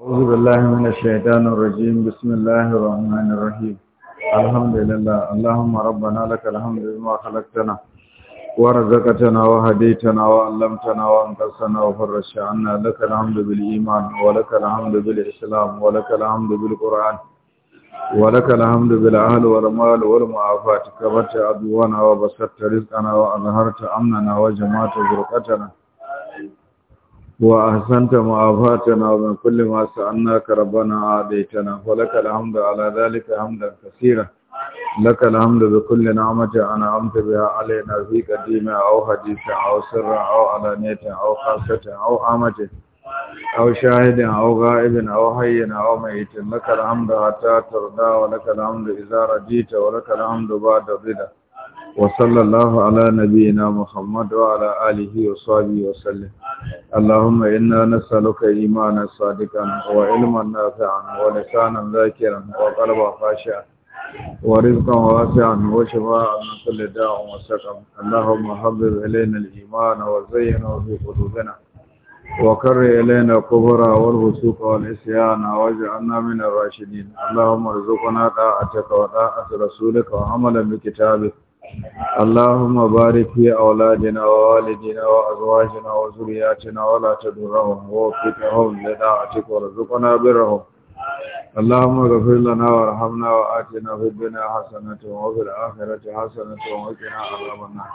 أعوذ بالله من الشيطان الرجيم بسم الله الرحمن الرحيم الحمد لله اللهم ربنا لك الحمد بما خلقتنا ورزقتنا وهديتنا وعلمتنا وانقذتنا وفرجت عنا لك الحمد بالإيمان ولك الحمد بالإسلام ولك الحمد بالقرآن ولك الحمد بالأهل والمال والمعافات كبرت عدونا وبسطت رزقنا وأظهرت أمننا وجمعت برقتنا وأحسنت معافاتنا ومن كل ما سألناك ربنا عاديتنا ولك الحمد على ذلك حمدا كثيرا لك الحمد بكل نعمة أنا أنعمت بها علينا في قديمة أو حديثة أو سرة أو علانية أو خاصة أو عامة أو شاهد أو غائب أو حي أو ميت لك الحمد حتى ترضى ولك الحمد إذا رجيت ولك الحمد بعد رضا وصلى الله على نبينا محمد وعلى آله وصحبه وسلم اللهم إنا نسألك إيمانا صادقا وعلما نافعا ولسانا ذاكرا وقلبا خاشعا ورزقا واسعا وشفاء من كل داء وسقم اللهم حبب إلينا الإيمان وزينه في قلوبنا وكر إلينا الكفر والفسوق والعصيان واجعلنا من الراشدين اللهم ارزقنا طاعتك وطاعة رسولك وعملا بكتابك اللهم بارك في أولادنا ووالدنا وأزواجنا وزرياتنا ولا تدرهم ووفقهم لداعتك ورزقنا برهم اللهم اغفر لنا وارحمنا وآتنا في الدنيا حسنة وفي الآخرة حسنة وقنا عذاب النار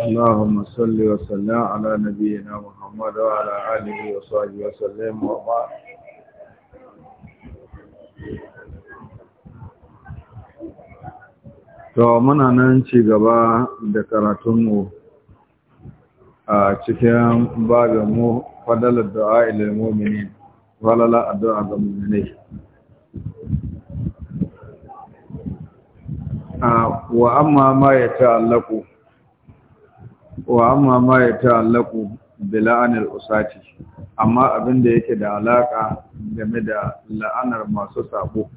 اللهم صل وسلم على نبينا محمد وعلى آله وصحبه وسلم وبارك To muna nan ci gaba da karatunmu a cikin babinmu fadalar da'a ilil mumini, falala addu'a ga mumini. Wa amma ma ya ta'allaku, wa amma ma ya ta'allaku bila'anar usaci, amma abin da yake da alaƙa game da la'anar masu sabo.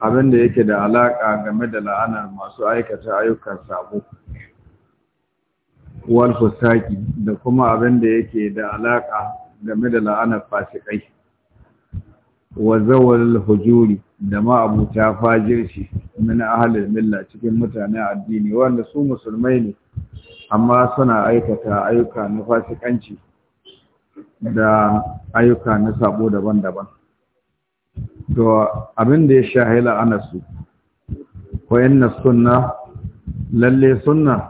abin da yake da alaƙa game da la'anar masu aikata ayyukan sabo wal fusaki da kuma abin da yake da alaƙa game da la'anar fasikai wa zawal hujuri da ma ma'abuta fajirci min ahlil milla cikin mutane addini wanda su musulmai ne amma suna aikata ayyuka na fasikanci da ayyuka na sabo daban-daban to abin da ya shahila anasu wa inna sunna lalle sunna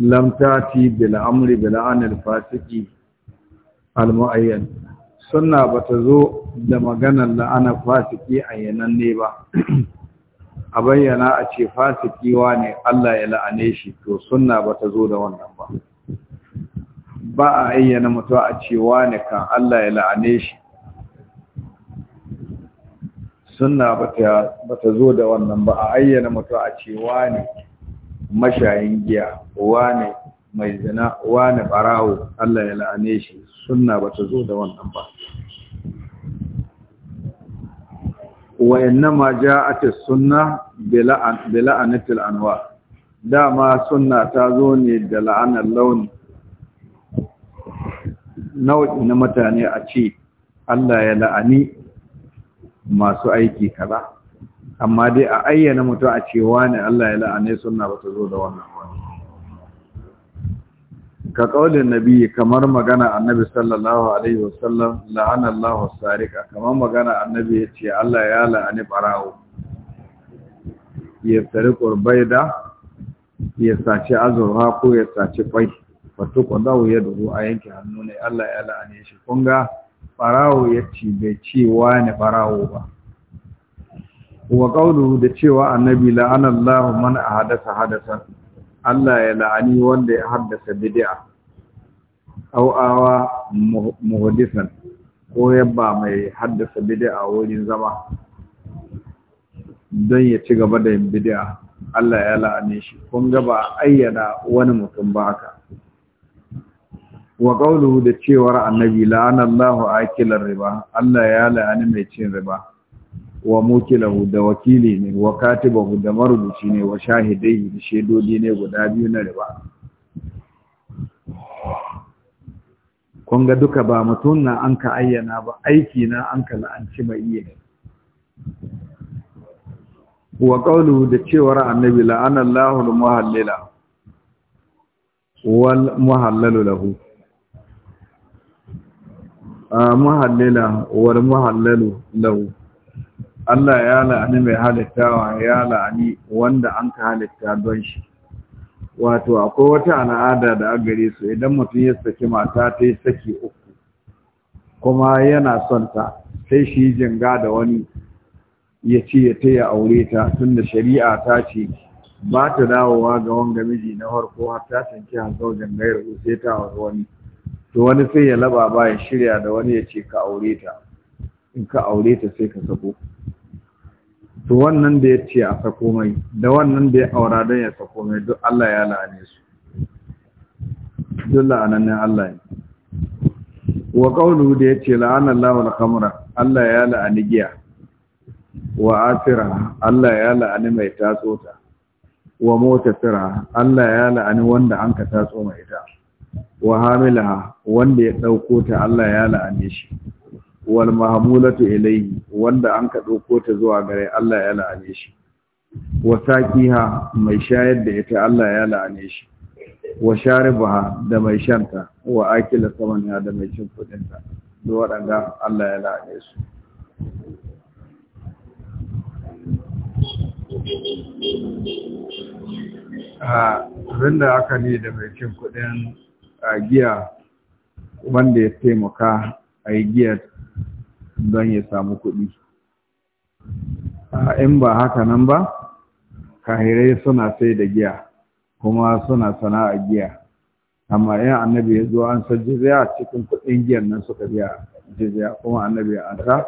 lam tati bil amri bil anil fasiki al muayyan sunna bata zo da maganar la'ana fasiki ayyanan ne ba a bayyana a ce fasiki ne Allah ya la'ane shi to sunna bata zo da wannan ba ba a ayyana mutuwa a ce ne kan Allah ya la'ane shi sunna ba ta zo da wannan ba a ayyana mutu a ce wane mashayin giya wane mai zina wane barawo Allah ya la'ane shi sunna ba ta zo da wannan ba wa ma ja'at as-sunna bi la'anatil anwa dama sunna ta zo ne da la'anar launi nau'i na mutane a ce Allah ya la'ani masu aiki kaza amma dai a ayyana mutu a cewa ne Allah ya la'ane sunna ba ta zo da wannan ka kaulin nabi kamar magana annabi sallallahu alaihi wasallam la'ana Allahu sarika kamar magana annabi yace Allah ya la'ani barawo ya tsare qurbaida ya sace azurha ko ya sace kwai wato kwadawo ya duhu a yanke hannu ne Allah ya la'ane shi kunga barawo ya ce bai cewa ne barawo ba wa kaudu da cewa annabi la'anallahu man ahadatha hadasan Allah ya la'ani wanda ya haddasa bid'a aw awa muhaddisan ko yabba mai haddasa bid'a wurin zama don ya ci gaba da yin bid'a Allah ya la'ane shi kun ga ba ayyana wani mutum ba haka wa qawluhu da cewar annabi la'ana Allahu akilar riba Allah ya la'ani mai cin riba wa mukilahu da wakili ne wa katibahu da marubuci ne wa shahidai da shedodi ne guda biyu na riba kun ga duka ba mutum na an ka ayyana ba aiki na an ka la'anci mai iya wa qawluhu da cewar annabi la'ana Allahu al-muhallila wal muhallalu lahu muhallila wal muhallalu lau. Allah ya la'ani mai halittawa ya la'ani wanda an ka halitta don shi wato akwai wata al'ada da agare su idan mutum ya saki mata ta yi saki uku kuma yana son ta sai shi jinga da wani ya ce ya taya aure ta tunda shari'a ta ce ba ta dawowa ga wanga miji na farko har ta tanki hanzar jangayar sai ta wani to wani sai ya laba ba ya shirya da wani ya ce ka aure ta in ka aure ta sai ka sako to wannan da ya ce a sako mai da wannan da ya aura don ya sako mai duk Allah ya la'ane su duk ne Allah ne wa qawluhu da ya la'ana la'anar al-khamra Allah ya la'ani giya wa asira Allah ya la'ani mai tatsota wa mota motasira Allah ya la'ani wanda an ka tatso mai ita wa hamilaha wanda ya ɗauko ta Allah ya la'ane shi wal mahmulatu ilayhi wanda an ka ɗauko ta zuwa gare Allah ya la'ane shi wa saqiha mai shayar da ita Allah ya la'ane shi wa sharibaha da mai shanta wa akila samaniya da mai cin kudin ta duk wadanda Allah ya la'ane su a ah, rinda aka ne da mai cin kudin a giya wanda ya taimaka a yi giyar don ya samu kuɗi in ba haka nan ba kahirai suna sai da giya kuma suna sana'a giya amma yan annabi ya zo an san jizya cikin kuɗin giyan nan suka biya jizya kuma annabi ya anta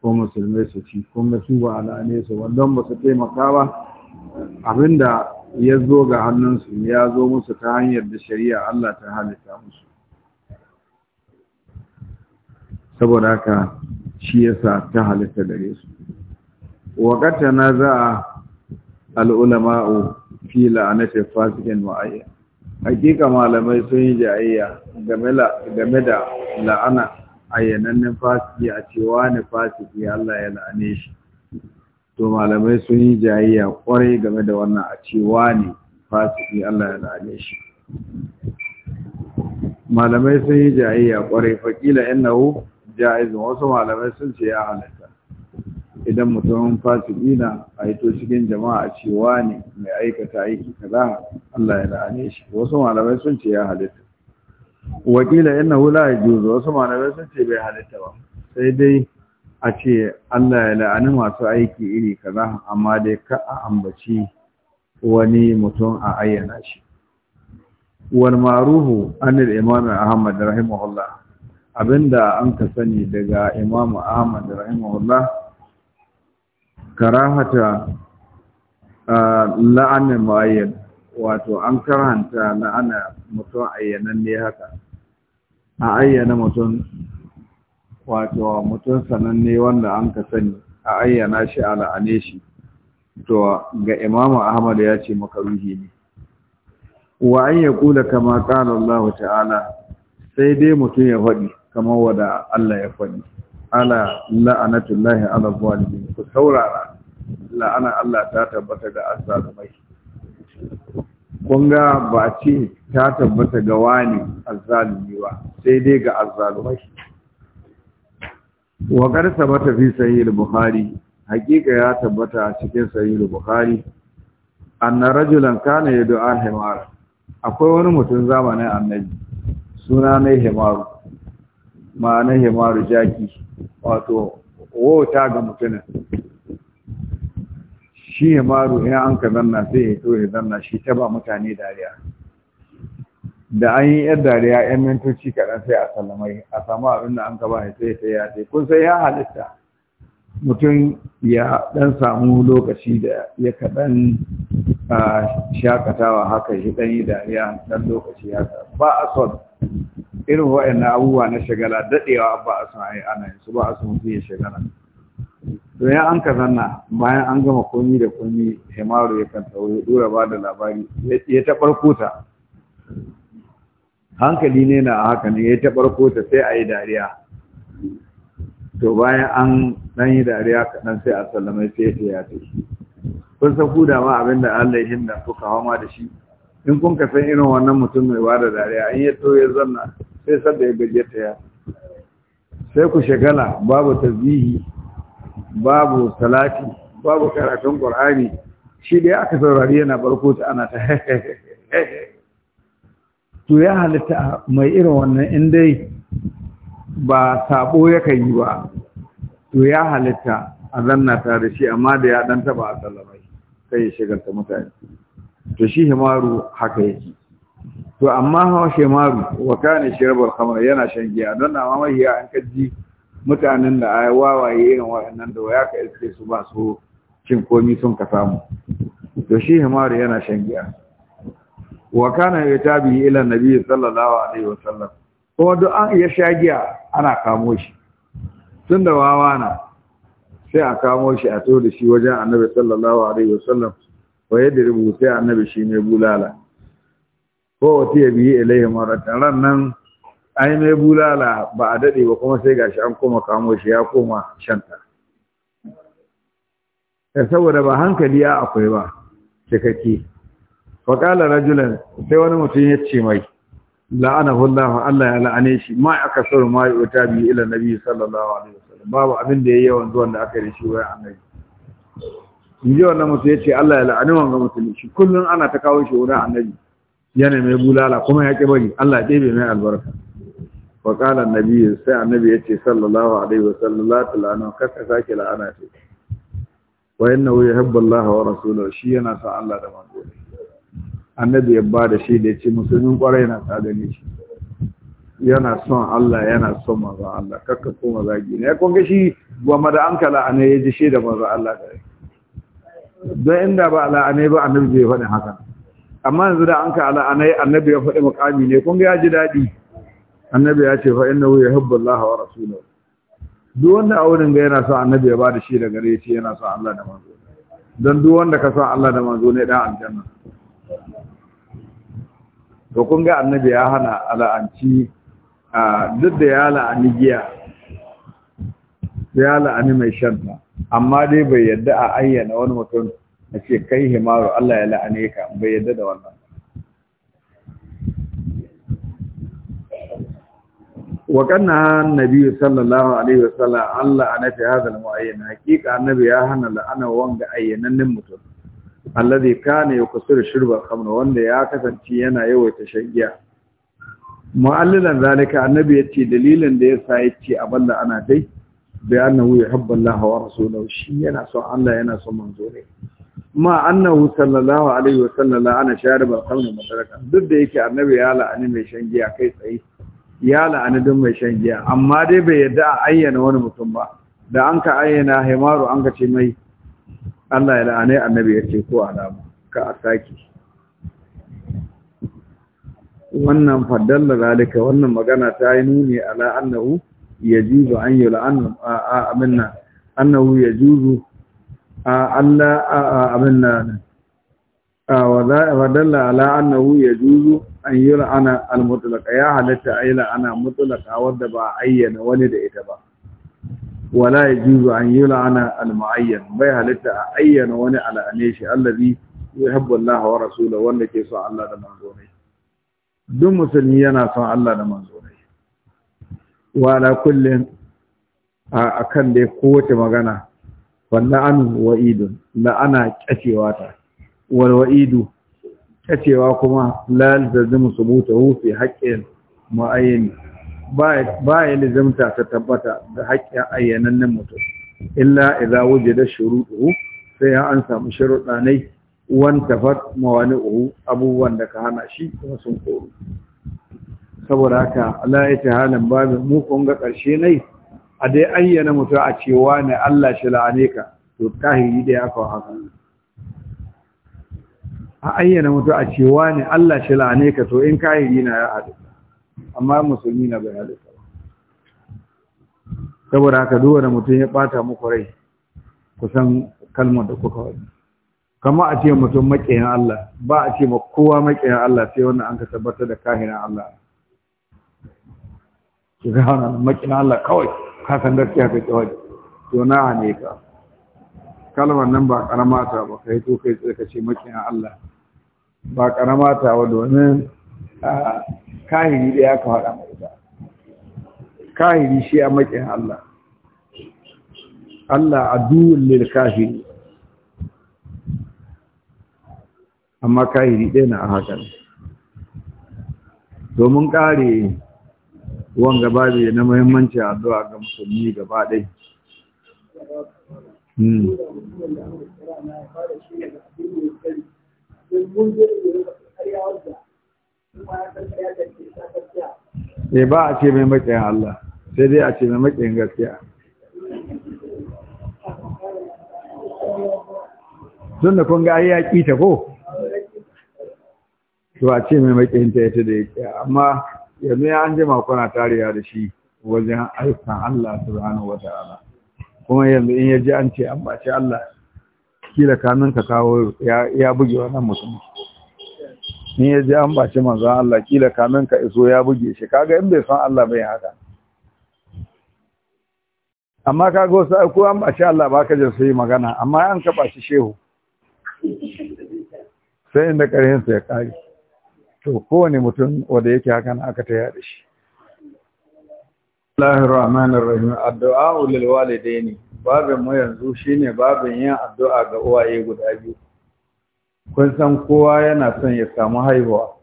ko musulmai su ci kuma su ba ala ne su ba ba su taimaka ba abinda ya zo ga hannunsu ya zo musu ta hanyar da shari'a Allah ta halitta musu saboda haka shi yasa ta halitta gare su wakata na za a al'ulama'u fi la'anatar fasikin wa'ayya hakika malamai sun yi jayayya game da la'ana ayyanannen fasiki a cewa ne fasiki Allah ya la'ane shi to malamai sun yi jayayya kwarai game da wannan a cewa ne fasiki Allah ya lalace shi malamai sun yi jayayya kwarai fakila innahu wa wasu malamai sun ce ya halatta idan mutumin fasiki na a cikin jama'a a cewa ne mai aikata aiki kaza Allah ya lalace shi wasu malamai sun ce ya halitta wakila innahu la yajuzu wasu malamai sun ce bai halitta ba sai dai a ce Allah ya la'ani masu aiki iri kaza amma dai ka a ambaci wani mutum a ayyana shi Wani ma'ruhu anil imam ahmad rahimahullah abinda an ka sani daga imam ahmad rahimahullah karahata la'anin mu'ayyan wato an karanta la'ana mutum ayyanan ne haka a ayyana mutum wato mutum sananne wanda an ka sani a ayyana shi a la'ane shi to ga imamu ahmad ya ce makaruhi ne wa an ya kula kama qala Allah ta'ala sai dai mutum ya faɗi kamar wada Allah ya faɗi ala la'anatullahi ala zalimin ku saurara la'ana Allah ta tabbata ga azzalumai kun ga ba ce ta tabbata ga wani azzalumi ba sai dai ga azzalumai wa kar sabata fi sahih al-bukhari haqiqa ya tabbata a cikin sahih al-bukhari anna rajulan kana al himar akwai wani mutum zamanin annabi suna ne himaru ma'anar himaru jaki wato wota ga mutumin shi himaru in an ka zanna sai ya to ya zanna shi ta ba mutane dariya da an yi yar dariya yan mintoci kaɗan sai a sallamai a samu abin da an gaba sai ta ya ce kun sai ya halitta mutum ya ɗan samu lokaci da ya kaɗan shakatawa haka shi ɗan yi dariya ɗan lokaci haka ba a son irin na abubuwa na shagala daɗewa ba a son a yi ana yin su ba a son mutum ya shagala to ya an zanna bayan an gama komi da komi himaru ya kan tawo ya ɗora ba da labari ya ta barkuta hankali ne na haka ne ya taɓa ta sai a yi dariya to bayan an ɗan yi dariya kaɗan sai a sallamai sai ta ya ce kun san ku da ma abin da Allah ya hinda kuka ma da shi in kun ka san irin wannan mutum mai bada dariya in ya to ya zanna sai da ya gaje ta ya sai ku shagala babu tasbihi babu salati babu karatun qur'ani shi dai aka saurari yana barko ta ana ta to ya halitta mai irin wannan in dai ba sabo ya yi ba to ya halitta a zanna ta da shi amma da ya dan taba a tsallamai kai ya shigarta mutane to shi himaru haka yake to amma hawa himaru wa kana rabar khamar yana shan giya don na mamaye ya an kaji mutanen da ai wawaye irin waɗannan da waya ka iske su ba su cin komi sun ka samu to shi himaru yana shan giya wa kana yatabi ila nabi sallallahu alaihi wasallam kuma duk an ya shagiya ana kamo shi tun da wawa na sai a kamo shi a to shi wajen annabi sallallahu alaihi wasallam wa yadda rubuta annabi shi ne bulala ko wata ya biyi ilaihi maratan ran nan ai mai bulala ba a dade ba kuma sai gashi an koma kamo shi ya koma shanta eh, saboda ba hankali ya akwai ba cikakke faƙalar rajulan sai wani mutum ya ce mai La'ana Allah Allah ya la'ane shi ma aka sauri ma ya wuta biyu ila nabi sallallahu alaihi wasallam babu abin da ya yi yawan zuwan da aka yi shi wayan annabi in ji wannan mutum ya ce Allah ya la'ani wanga mutum shi kullum ana ta kawo shi wurin annabi yana mai bulala kuma ya ƙi bari Allah ya ɗebe mai albarka faƙala annabi sai annabi ya ce sallallahu alaihi wasallam la tulana kaka sake la'ana ce wa innahu yuhibbu Allah wa rasulahu shi yana sa Allah da manzo annabi ya ba da shi da ya ce musulmin kwarai yana ta gani. shi yana son Allah yana son maza Allah kakka ko maza gina ya kunga shi gwamma da an kala ne ya ji shi da maza Allah gare don inda ba ala ne ba annabi bai faɗin haka amma yanzu da an ka ala ne annabi ya faɗi mukami ne kunga ya ji daɗi annabi ya ce fa innahu yuhibbu Allah wa rasuluhu. duk wanda wurin ga yana son annabi ya ba da shi da gare ya ce yana son Allah da manzo don duk wanda ka son Allah da manzo ne dan aljanna to kun ga annabi ya hana ala'anci duk da ya la'ani giya ya la'ani mai shanta amma dai bai yadda a ayyana wani mutum a ce kai himaru Allah ya la'ani ka bai yadda da wannan waƙanna Nabi sallallahu alaihi wasallam Allah ana fi hadal mu'ayyan hakika annabi ya hana la'ana wanga ayyanannin mutum alladhi kana yakusuru shurba khamr wanda ya kasance yana yawaita shan giya mu'allilan zalika annabi yace dalilin da yasa yace aballa ana dai bi annahu yuhibbu wa rasuluhu shi yana so Allah yana so manzo ne ma annahu sallallahu alaihi wa sallama ana sharibal khamr Madaraka. duk da yake annabi ya la'ani mai shan giya kai tsaye ya la'ani duk mai shan giya amma dai bai yadda a ayyana wani mutum ba da an ka ayyana himaru an ka ce mai Allah ya la'anai annabi ya ce ko alama, ka a sake wannan faddalla zalika wannan magana ta yi nuni ala annahu yajuzu an yi la'an a aminna annahu yajuzu a Allah a aminna wadalla ala annahu yajuzu an yi la'ana al-mutlaqa ya halatta ayi la'ana wadda ba ayyana wani da ita ba wala ya yajuzu an yi la'ana al-mu'ayyan bai halitta a ayyana wani al'ane shi allazi yuhibbu Allah wa rasuluhu wanda ke son Allah da manzo ne duk musulmi yana son Allah da manzo ne wa ala kullin akan dai kowace magana wanda wannan wa'idun la'ana kyacewa ta wal wa'idu kyacewa kuma la lazimu subutahu fi haqqin mu'ayyan ba ya lizimta ta tabbata da haƙƙin nan mutum illa idza wujida shuruɗu sai ya an samu sharuɗa ne wan tafat mawani'u abubuwan da ka hana shi kuma sun koru saboda haka ita halin babin mu kun ga ƙarshe ne a dai ayyana mutum a cewa ne Allah shi la'ane ka to kahiri dai aka haka a ayyana mutum a cewa ne Allah shi la'ane ka to in kahiri na ya haɗu amma musulmi na bai halitta saboda haka duk wanda mutum ya bata muku rai kusan kalmar da kuka wani kama a ce mutum maƙiyan Allah ba a ce kowa maƙiyan Allah sai wannan an ka tabbatar da kahinan Allah ki ga hana makiyan Allah kawai ka san gaskiya ka kawai to na hane ka kalmar nan ba karama ta ba kai to kai ka ce maƙiyan Allah ba karama ta ba domin kahiri da ya ka faɗa mai ba kahiri shi a makin Allah Allah a duwun lil kahiri amma kahiri ɗaya na a hakan domin ƙare wanga babu na muhimmanci addu'a ga musulmi gaba ɗai hmm. Thank e ba a ce mai maƙiyin Allah sai dai a ce mai maƙiyin gaskiya tun da kun ga ai ya ƙi ta ko to a ce mai maƙiyin ta ta da yake amma yanzu ya an ji makona tariya da shi wajen aikin Allah wata ala. kuma yanzu in ya ji an ce an ce Allah kila kamin ka kawo ya buge wannan mutum in ya ji an baci manzon Allah kila kamin ka iso ya buge shi kaga in bai san Allah bai haka amma kaga wasu ko an baci Allah ba ka jin sai magana amma an ka baci shehu sai inda karhin ya kare to kowane mutum wanda yake haka na aka ta da shi Allahir rahman Rahim addu'a lil walidaini babin mu yanzu shine babin yin addu'a ga uwaye guda biyu kun san kowa yana son ya samu haihuwa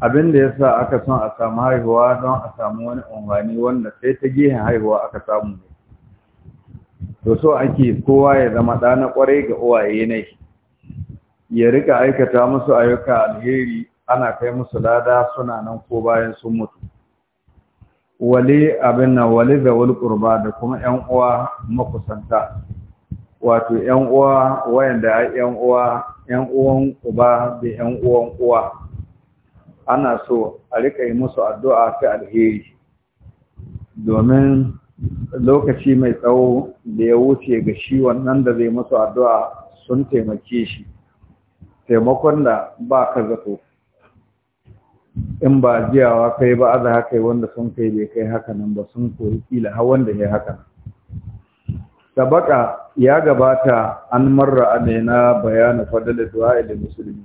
abin da yasa aka son a samu haihuwa don a samu wani unwani wanda sai ta gehen haihuwa aka samu to so ake kowa ya zama ɗa na ƙwarai ga uwaye ne ya rika aikata musu ayyuka alheri ana kai musu lada suna nan ko bayan sun mutu wale abin nan wale da wal ƙurba da kuma 'yan uwa makusanta wato 'yan uwa wayanda 'yan uwa yan uwan uba da yan uwan uwa ana so a rika yi musu addu'a ta alheri domin lokaci mai tsawo da ya wuce ga shi wannan da zai musu addu'a sun taimake shi taimakon da ba ka zato in ba jiyawa kai ba aza haka wanda sun kai bai kai haka nan ba sun koyi kila hawan da ya haka tabaka ya gabata an marra adena bayanu fadl du'a da muslimi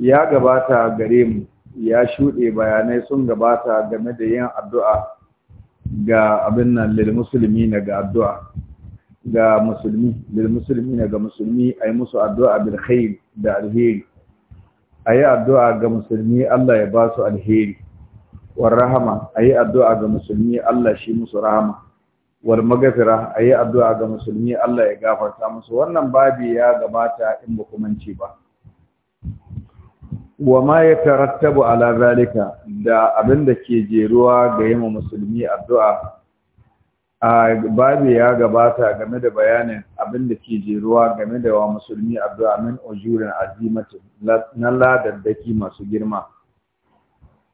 ya gabata gare mu ya shuɗe bayanai sun gabata game da yin addu'a ga abin nan lil musulmi na ga addu'a ga musulmi lil musulmi na ga musulmi a musu addu'a bil khair da alheri a yi addu'a ga musulmi Allah ya ba su alheri war rahama a yi addu'a ga musulmi Allah shi musu rahama war magafira a yi addu'a ga musulmi Allah ya gafarta musu wannan babi ya gabata in ba kumanci ba wa ma ya tarattabu ala zalika da abin da ke jeruwa ga yi musulmi addu'a a babi ya gabata game da bayanin abin da ke jeruwa game da wa musulmi addu'a min ujurin azimatin na ladaddaki masu girma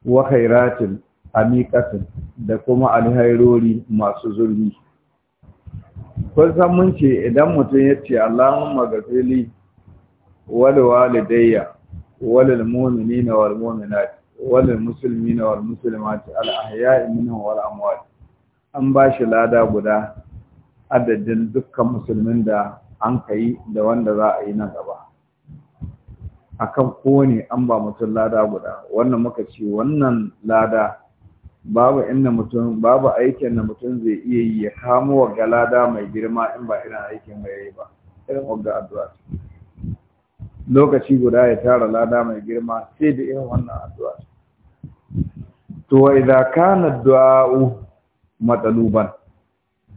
wa khairatin amikatin da kuma alhairori masu zurmi kun san mun ce idan mutum ya ce Allahumma gafili wal walidayya wal mu'minina wal mu'minat wal muslimina wal muslimat al ahya'i minhum wal amwat an ba shi lada guda adadin dukkan musulmin da an kai da wanda za a yi na gaba akan kowane an ba mutum lada guda wannan muka ce wannan lada babu inda mutum babu aikin da mutum zai iya yi ya kamo wa galada mai girma in ba irin aikin mai yi ba irin wanda addu'a lokaci guda ya tara lada mai girma sai da irin wannan addu'a to idza kana du'a'u mataluban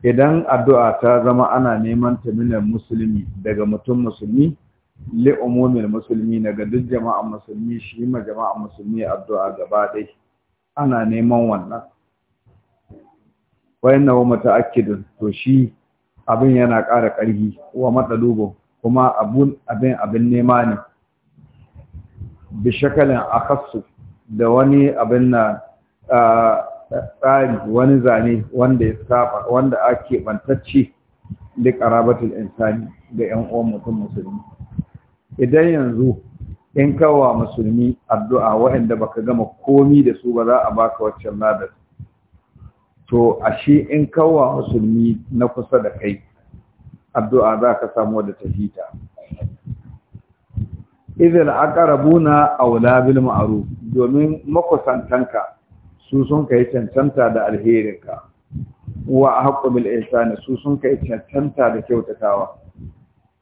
idan addu'a ta zama ana neman ta mina musulmi daga mutum musulmi li umumin musulmi daga duk jama'an musulmi shi ma jama'an musulmi addu'a gaba ɗaya ana neman wannan wayan na muta'akkidun to shi abin yana ƙara ƙarfi wa matsalubo kuma abun abin abin nema ne bi shakalin da wani abin na tsari wani zane wanda ya saba wanda ake bantacce da karabatul insani da yan uwan mutum musulmi idan yanzu in kawa musulmi addu'a waɗanda baka gama komi da su ba za a baka waccan ladar to ashe in kawa musulmi na kusa da kai addu'a za ka samu da tafita izil aqrabuna aula bil ma'ruf domin makusantanka su sun kai cancanta da alherinka wa haqqul bil ihsani su sun kai cancanta da kyautatawa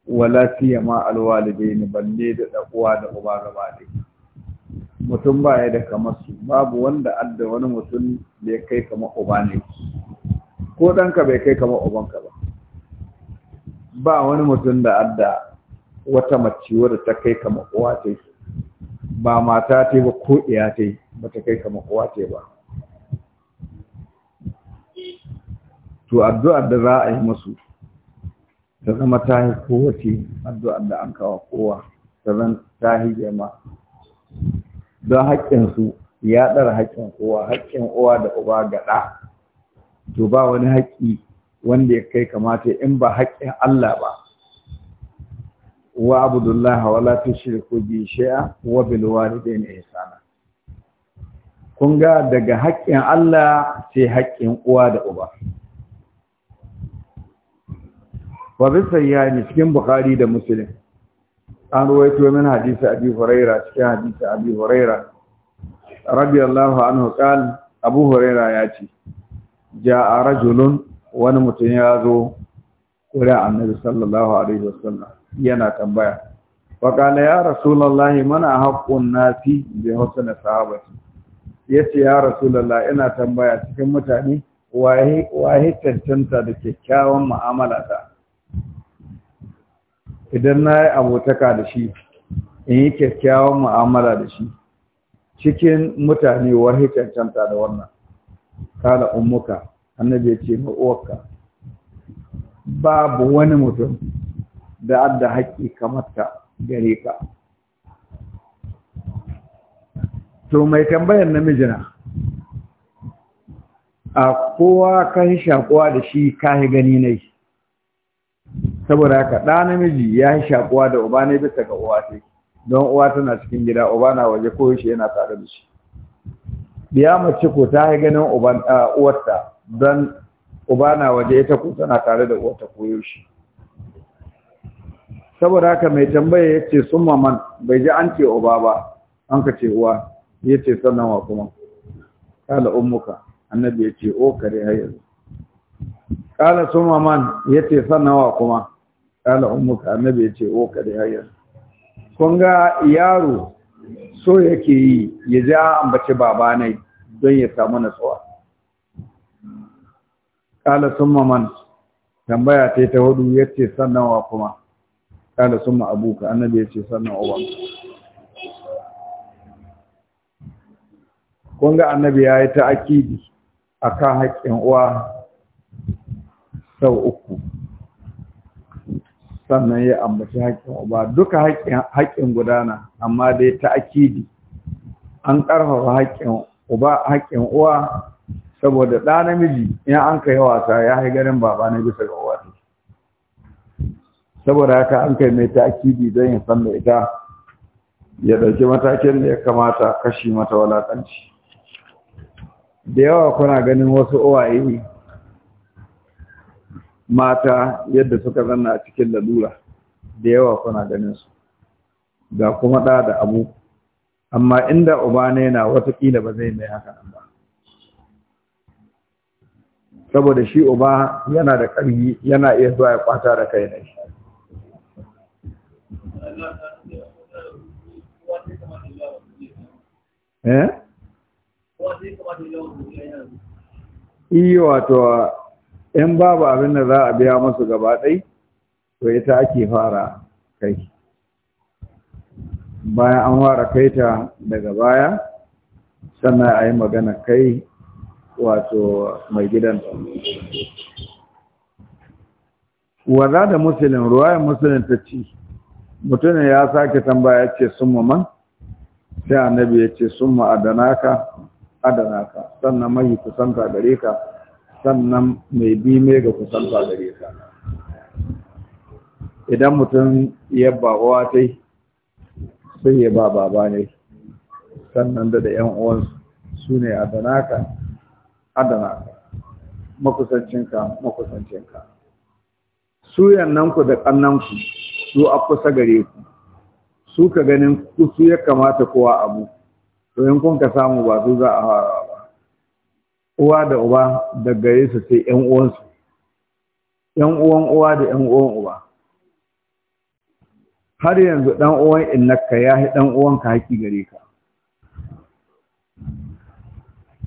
wala siyama alwalidaini balle da dakuwa da uba gaba ɗaya mutum ba ya da kamar su babu wanda adda wani mutum da ya kai kamar uba ne ko ɗanka bai kai kamar ubanka ba ba wani mutum da adda wata mace wadda ta kai kamar uwa ta ba mata ta ba ko iya ta ba ta kai kamar uwa ta ba to addu'ar da za a yi musu ta zama ta yi kowace addu'ar da an kawo kowa ta zan ta yi ma. don haƙƙinsu ya ɗara haƙƙin kowa haƙƙin uwa da uba gaɗa to ba wani haƙƙi wanda ya kai kamata in ba haƙƙin Allah ba wa abdullahi hawa la ko bi shay'a wa da ne sana kun ga daga haƙƙin Allah sai haƙƙin uwa da uba wa bi sayyani cikin bukhari da muslim an ruwaito min hadisi abi huraira cikin hadisi abi huraira radiyallahu anhu qal abu huraira ya ce ja'a rajulun wani mutum ya zo wurin annabi sallallahu alaihi wasallam yana tambaya faƙala ya rasulallahi mana haƙƙun nasi da wasu na sahabati ya ce ya rasulallah ina tambaya cikin mutane waye cancanta da kyakkyawan mu'amala ta idan na yi abotaka da shi in yi kyakkyawan mu'amala da shi cikin mutane wahi cancanta da wannan kala umuka annabi ya ce ma'uwarka babu wani mutum da adda haƙƙi kamar ta gare ka to mai tambayar namijina a kowa kan shakuwa da shi kahi gani ne saboda haka ɗa namiji ya yi shakuwa da uba ne bisa ga uwa ce don uwa tana cikin gida uba na waje ko shi yana tare da shi biya mace ko ta yi ganin uban uwarta don uba na waje ita ko tana tare da uwarta ko yaushe saboda haka mai tambaya ya ce sun maman bai ji an ce uba ba an ka ce uwa ya ce sannan wa kuma kala ummuka annabi ya ce o kare har yanzu kala suma man ya ce sanawa kuma kala ummuka annabi ya ce o ka da yayar kun ga yaro so yake yi ya ja ambaci babanai don ya samu natsuwa kala suma man tambaya ta ta hudu ya ce sanawa kuma kala suma abuka annabi ya ce sanawa ubanka kun ga annabi ya yi ta'akidi a kan haƙƙin uwa sau uku sannan ya ambaci haƙƙin uba duka haƙƙin gudana amma dai ta akidi an ƙarfafa haƙƙin uba haƙƙin uwa saboda ɗa namiji in an ka yi wasa ya yi ganin baba na bisa ga uwa saboda haka an kai mai ta akidi don ya san da ita ya ɗauki matakin da ya kamata kashi mata walaƙanci da yawa kuna ganin wasu uwaye mata yadda suka zanna a cikin lalura da yawa kuna ganin su ga kuma ɗa da abu amma inda uba ne na watakila ba zai mai haka nan ba saboda shi uba yana da ƙarfi yana iya zuwa ya kwata da kai ne eh? Iya wato in babu abin da za a biya masu gaba ɗai to ita ake fara kai bayan an fara kai ta daga baya sannan a yi magana kai wato mai gidan waza da musulun ruwayan musulun ta ci mutumin ya sake tambaya ce sun man sai annabi ya ce sun ma adana ka, sannan mahi kusanta gare ka sannan mai bi mai ga kusanta da reka idan mutum ya ba uwa ta sun yi ba baba ne sannan da da yan uwansu su ne adanaka adanaka makusancinka makusancinka su yannanku da ƙannanku, su a kusa gare ku su ka ganin ku su ya kamata kowa abu to yankunka kun ka samu ba su za a fara uwa da uba daga yesu sai ‘yan uwansu ‘yan uwan uwa da ‘yan uwan uba har yanzu ɗan uwan innaka ya yi ɗan uwanka haƙi gare ka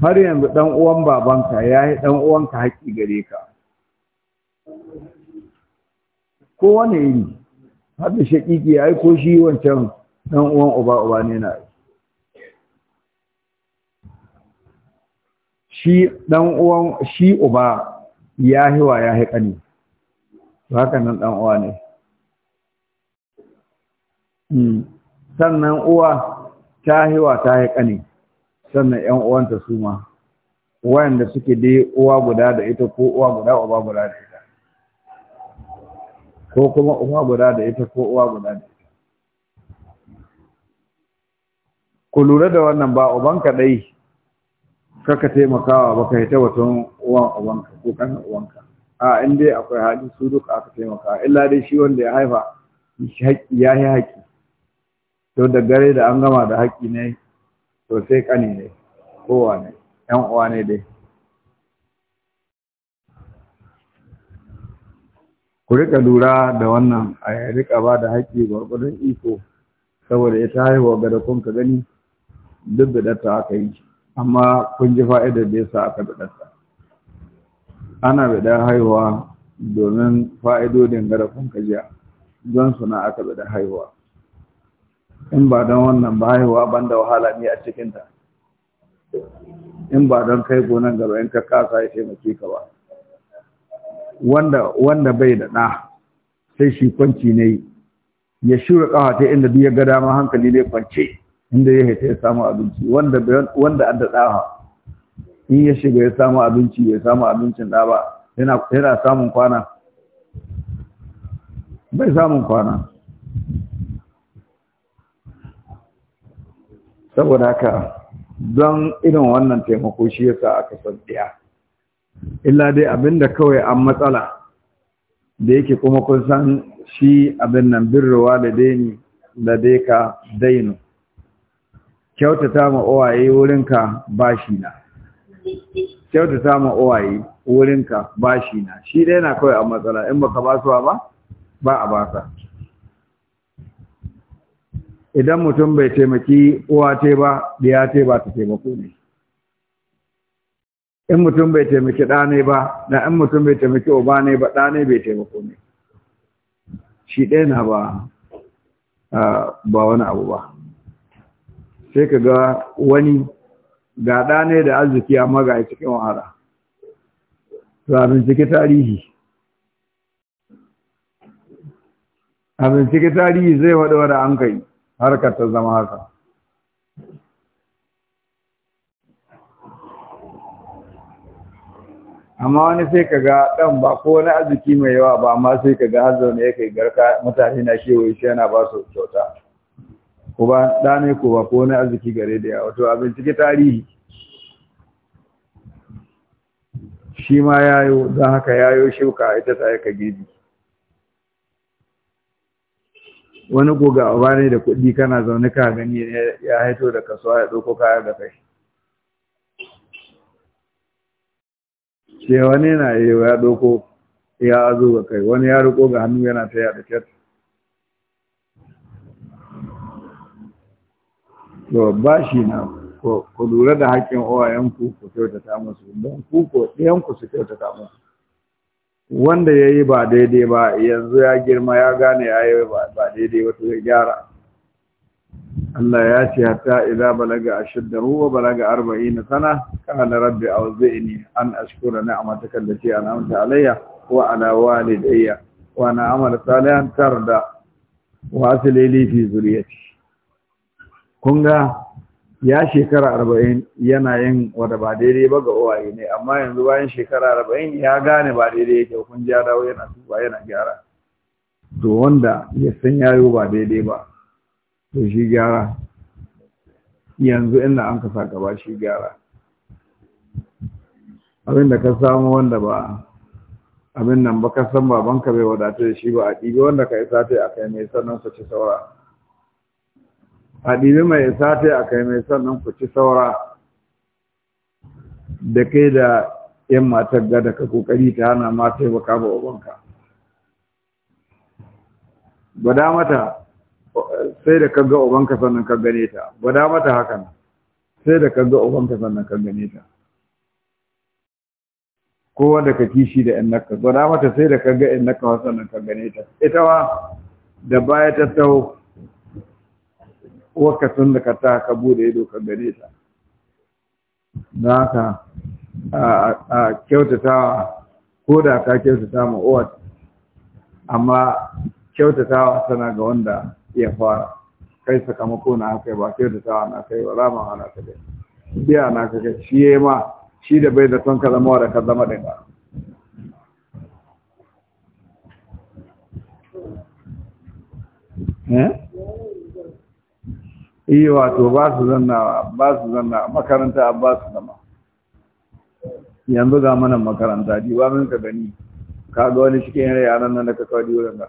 har yanzu ɗan uwan babanka ya yi ɗan uwanka haƙi gare ka kowane yi har da shaƙiƙi ya yi ko shi wancan ɗan uwan uba uba ne na yi shi dan uwan shi uba ya hiwa ya haƙa kani haka nan dan uwa ne hmm. sannan uwa ta hiwa ta haƙa kani sannan ƴan uwanta su ma wayanda suke dai uwa guda da ita ko uwa guda uba guda da ita ko kuma uwa guda da ita ko uwa guda da ita ku lura da wannan ba uban kaɗai kaka taimakawa ba ka yi ta uwan uwanka ko kan uwanka a in dai akwai hali su duka aka taimaka illa dai shi wanda ya haifa ya yi haƙƙi to da gare da an gama da haƙƙi ne to sai ƙani ne kowa ne uwa ne dai ku rika lura da wannan a rika ba da haƙƙi gwargwadon iko saboda ita haihuwa ga da kun ka gani duk da ta aka yi amma kun ji fa'idar da sa aka bidarta ana bidar haihuwa domin fa'idodin gara kun kajiya don suna aka bidar haihuwa in ba don wannan ba haihuwa da wahala ne a cikinta in ba don kai gonan gaba in ka kasa ya taimaki ka ba wanda wanda bai da ɗa sai shi kwanci ne ya shura ƙawa ta inda duk ya ga dama hankali ne kwance inda ya haita ya samu abinci wanda an da in ya shiga ya samu abinci ya samu abincin ɗa ba yana samun kwana bai samun kwana saboda haka don irin wannan taimako shi yasa aka san ɗaya illa dai abinda kawai an matsala da yake kuma kun san shi abin nan birruwa da daini da dai ka dainu kyautata ma uwaye wurinka bashi na kyautata ma uwaye wurinka bashi na shi dai na kawai a matsala in baka basuwa ba ba a basa idan mutum bai taimaki uwa ba diya ba ta taimako ne in mutum bai taimaki ɗa ne ba na in mutum bai taimaki uba ne ba ɗa ne bai taimako ne shi ɗaya na ah, ba wani abu ba sai ka ga wani ga ne da arziki amma ga a cikin wahala to abin tarihi abin tarihi zai waɗa wada an kai harkar ta zama haka amma wani sai ka ga ɗan ba ko wani arziki mai yawa ba amma sai ka ga har zaune ya kai garka mutane na shewa shi yana ba su kyauta ko ba ne ko ba ko wani arziki gare da ya wato a bincike tarihi shi ma yayo don haka yayo shuka ita ta aika gidi wani goga uba ne da kuɗi kana zaune ka gani ya haito da kasuwa ya ɗauko kaya da kai sai wani na yi ya ɗauko ya zo ga kai wani ya riko ga hannu yana ta yaɗa kyata to ba shi na ku lura da haƙƙin uwayenku ku kyautata musu don ku ko ku su kyautata musu wanda ya yi ba daidai ba yanzu ya girma ya gane ya yi ba daidai wata ya gyara Allah ya ce hatta idza balaga ashaddahu wa balaga arba'ina sana kana rabbi awzi'ni an ashkura ni'mataka allati an'amta alayya wa ala walidayya wa ana amala salihan tarda wa asli li fi zuriyati kun ga ya shekara arba'in yana yin wada ba daidai ba ga uwaye ne amma yanzu bayan shekara arba'in ya gane ba daidai yake kun ja dawo yana tuba yana gyara to wanda ya san yayo ba daidai ba to shi gyara yanzu inda an kasa gaba shi gyara abin da ka samu wanda ba abin nan ba ka san babanka bai wadatu da shi ba a ɗibi wanda ka isa ta a kai mai sannan su ci saura a ɗibi mai sati a kai mai sannan ku ci saura da kai da ‘yan matar gada ka kokari ta hana ma taimaka ba ubanka. Gwada mata sai da kaga ubanka sannan ka gane ta, gwada mata hakan sai da kaga ubanka sannan ka gane ta. Kowa da ka kishi da ‘yan naka, gwada mata sai da kaga ‘yan naka sannan ka gane ta. Ita wa da baya ta taho wakatun da ka ta ka bude ido ka gare ta don haka a wa ko da ka kyautata ma uwar amma wa tana ga wanda ya fara kai sakamako na haka ba wa na kai ba rama na kai biya na kai shi ya ma shi da bai da son ka zama da ka zama din ba eh iya eh, wato ba su zanna ba su zanna makaranta ba su zama yanzu ga mana makaranta di ba min ka gani ka ga wani cikin yaran nan da ka kawo di wurin ba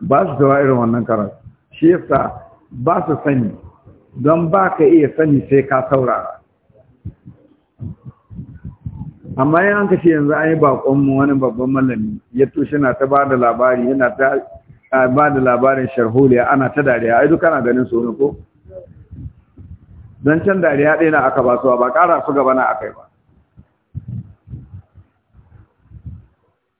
ba su tawa irin wannan karatu shi yasa ba su sani don ba ka iya sani sai ka saurara amma yanka shi yanzu an yi bakonmu wani babban malami ya tushe na ta ba da labari yana ta ba da labarin sharholiya ana ta dariya ai duk kana ganin su ne ko don can dariya ɗaya na aka ba su ba ƙara su gaba na aka yi ba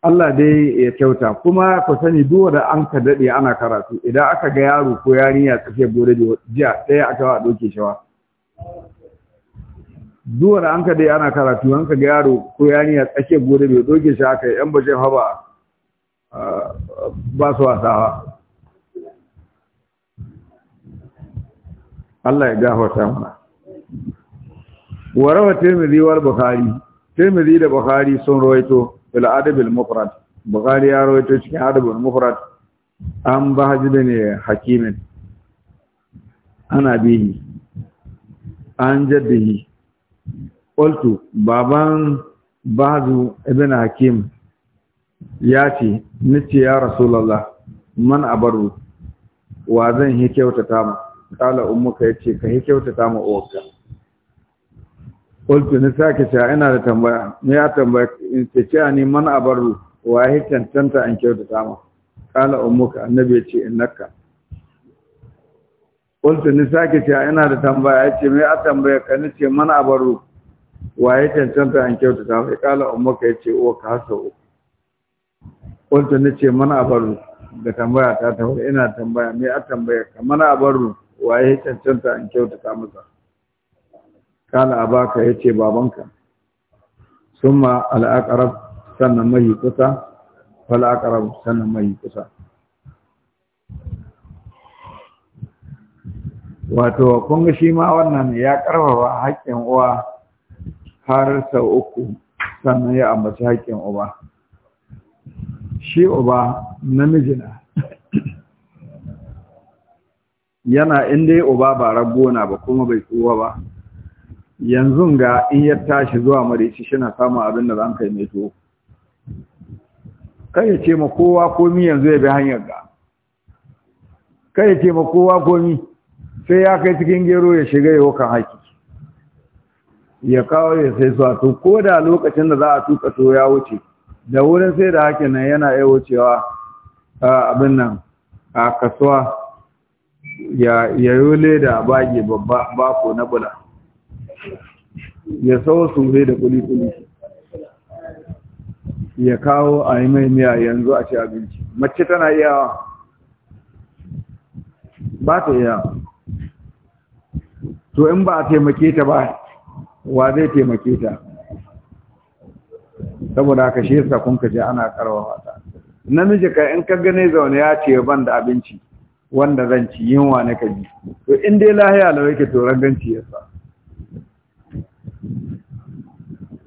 Allah dai ya kyauta kuma ku sani duwa da an ka daɗe ana karatu idan aka ga yaro ko yarinya tsakiyar gore jiya ɗaya aka wa ɗauke shawa duwa da an ka daɗe ana karatu an ka ga yaro ko yarinya tsakiyar gore da ɗauke shawa aka yi ɗan bashin haba ba su wasawa Allah ya gafarta mana Warawa tirmidhi wal bukhari tirmidhi da bukhari sun rawaito fil adab al mufrad bukhari ya rawaito cikin adab al mufrad an haji da ne hakimin ana bihi an jaddihi qultu baban bazu ibn hakim ya ce nace ya rasulullah man abaru wa zan yi kyautata ma kala ummuka yace ka yi kyautata ma uwarka qultu ni sake cewa ina da tambaya me ya tambaya in ce cewa ni man abaru wa yi cancanta an kyautata ma kala ummuka annabi in innaka qultu ni sake cewa ina da tambaya ya ce me ya tambaya ka nace ce man abaru wa yi cancanta an kyautata ma kala ummuka yace uwarka hasa uku kultu na ce mana abaru da tambaya ta ta ina tambaya me a tambaya ka mana abaru waye cancanta in kyauta ta masa kala baka ya ce babanka ma al'akarar sannan mai kusa fal'akarar sannan mai kusa wato kun ga shi ma wannan ya karfafa haƙƙin uwa har sau uku sannan ya ambaci haƙƙin uba shi uba namijina yana inda ya uba ba ragona ba kuma bai tsuwa ba yanzu ga in ya tashi zuwa marici shina samun abin da zan kai mai tuwo kai ce ma kowa komi yanzu ya bi hanyar ga kai ce ma kowa komi sai ya kai cikin gero ya shiga ya hukan haki ya kawo ya sai su a to ko da lokacin da za a tuka to ya wuce da wurin sai da hakin nan yana iya wucewa abin nan a kasuwa ya yayo leda bage babba bako na bula ya sau sure da kuli-kuli ya kawo a yi mai miya yanzu a ci abinci mace tana iya ba ta iya to in ba a taimake ta ba wa zai taimake ta saboda haka shi yasa kun ka je ana karawa ta namiji ka in ka gane zaune ya ce ban da abinci wanda zan ci yunwa na kaji to in dai lahiya lawa yake to ranganci yasa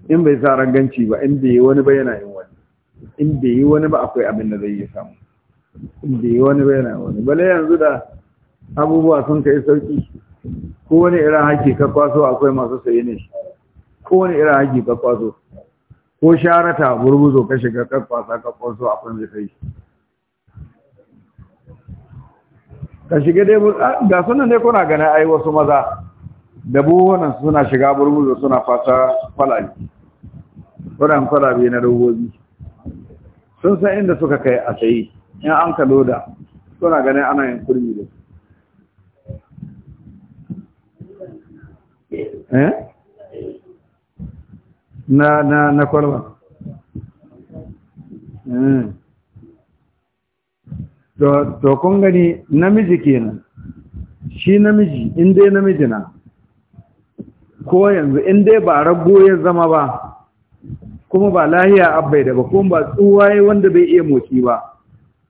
in bai sa ranganci ba in bai yi wani ba yana yin wani in bai yi wani ba akwai abin da zai yi samu in bai yi wani ba yana yin wani bale yanzu da abubuwa sun kai sauki ko wani irin haki ka kwaso akwai masu saye ne ko wani irin haki ka kwaso ko sharata gurguzo ka shiga kakwasa kakwaso a kwanzu kai ka shiga dai da sunan ne kuna gana ai wasu maza da buhunan suna shiga gurguzo suna fasa kwalabi wadan kwalabi na robobi sun san inda suka kai a tsaye in an ka loda suna ganin ana yin kurmi da su eh? na na na kwalba eh. to kun gani namiji kenan shi namiji in dai namiji na ko yanzu in dai ba rago ya zama ba kuma ba lahiya abbai da ba kuma ba tsuwaye wanda bai iya motsi ba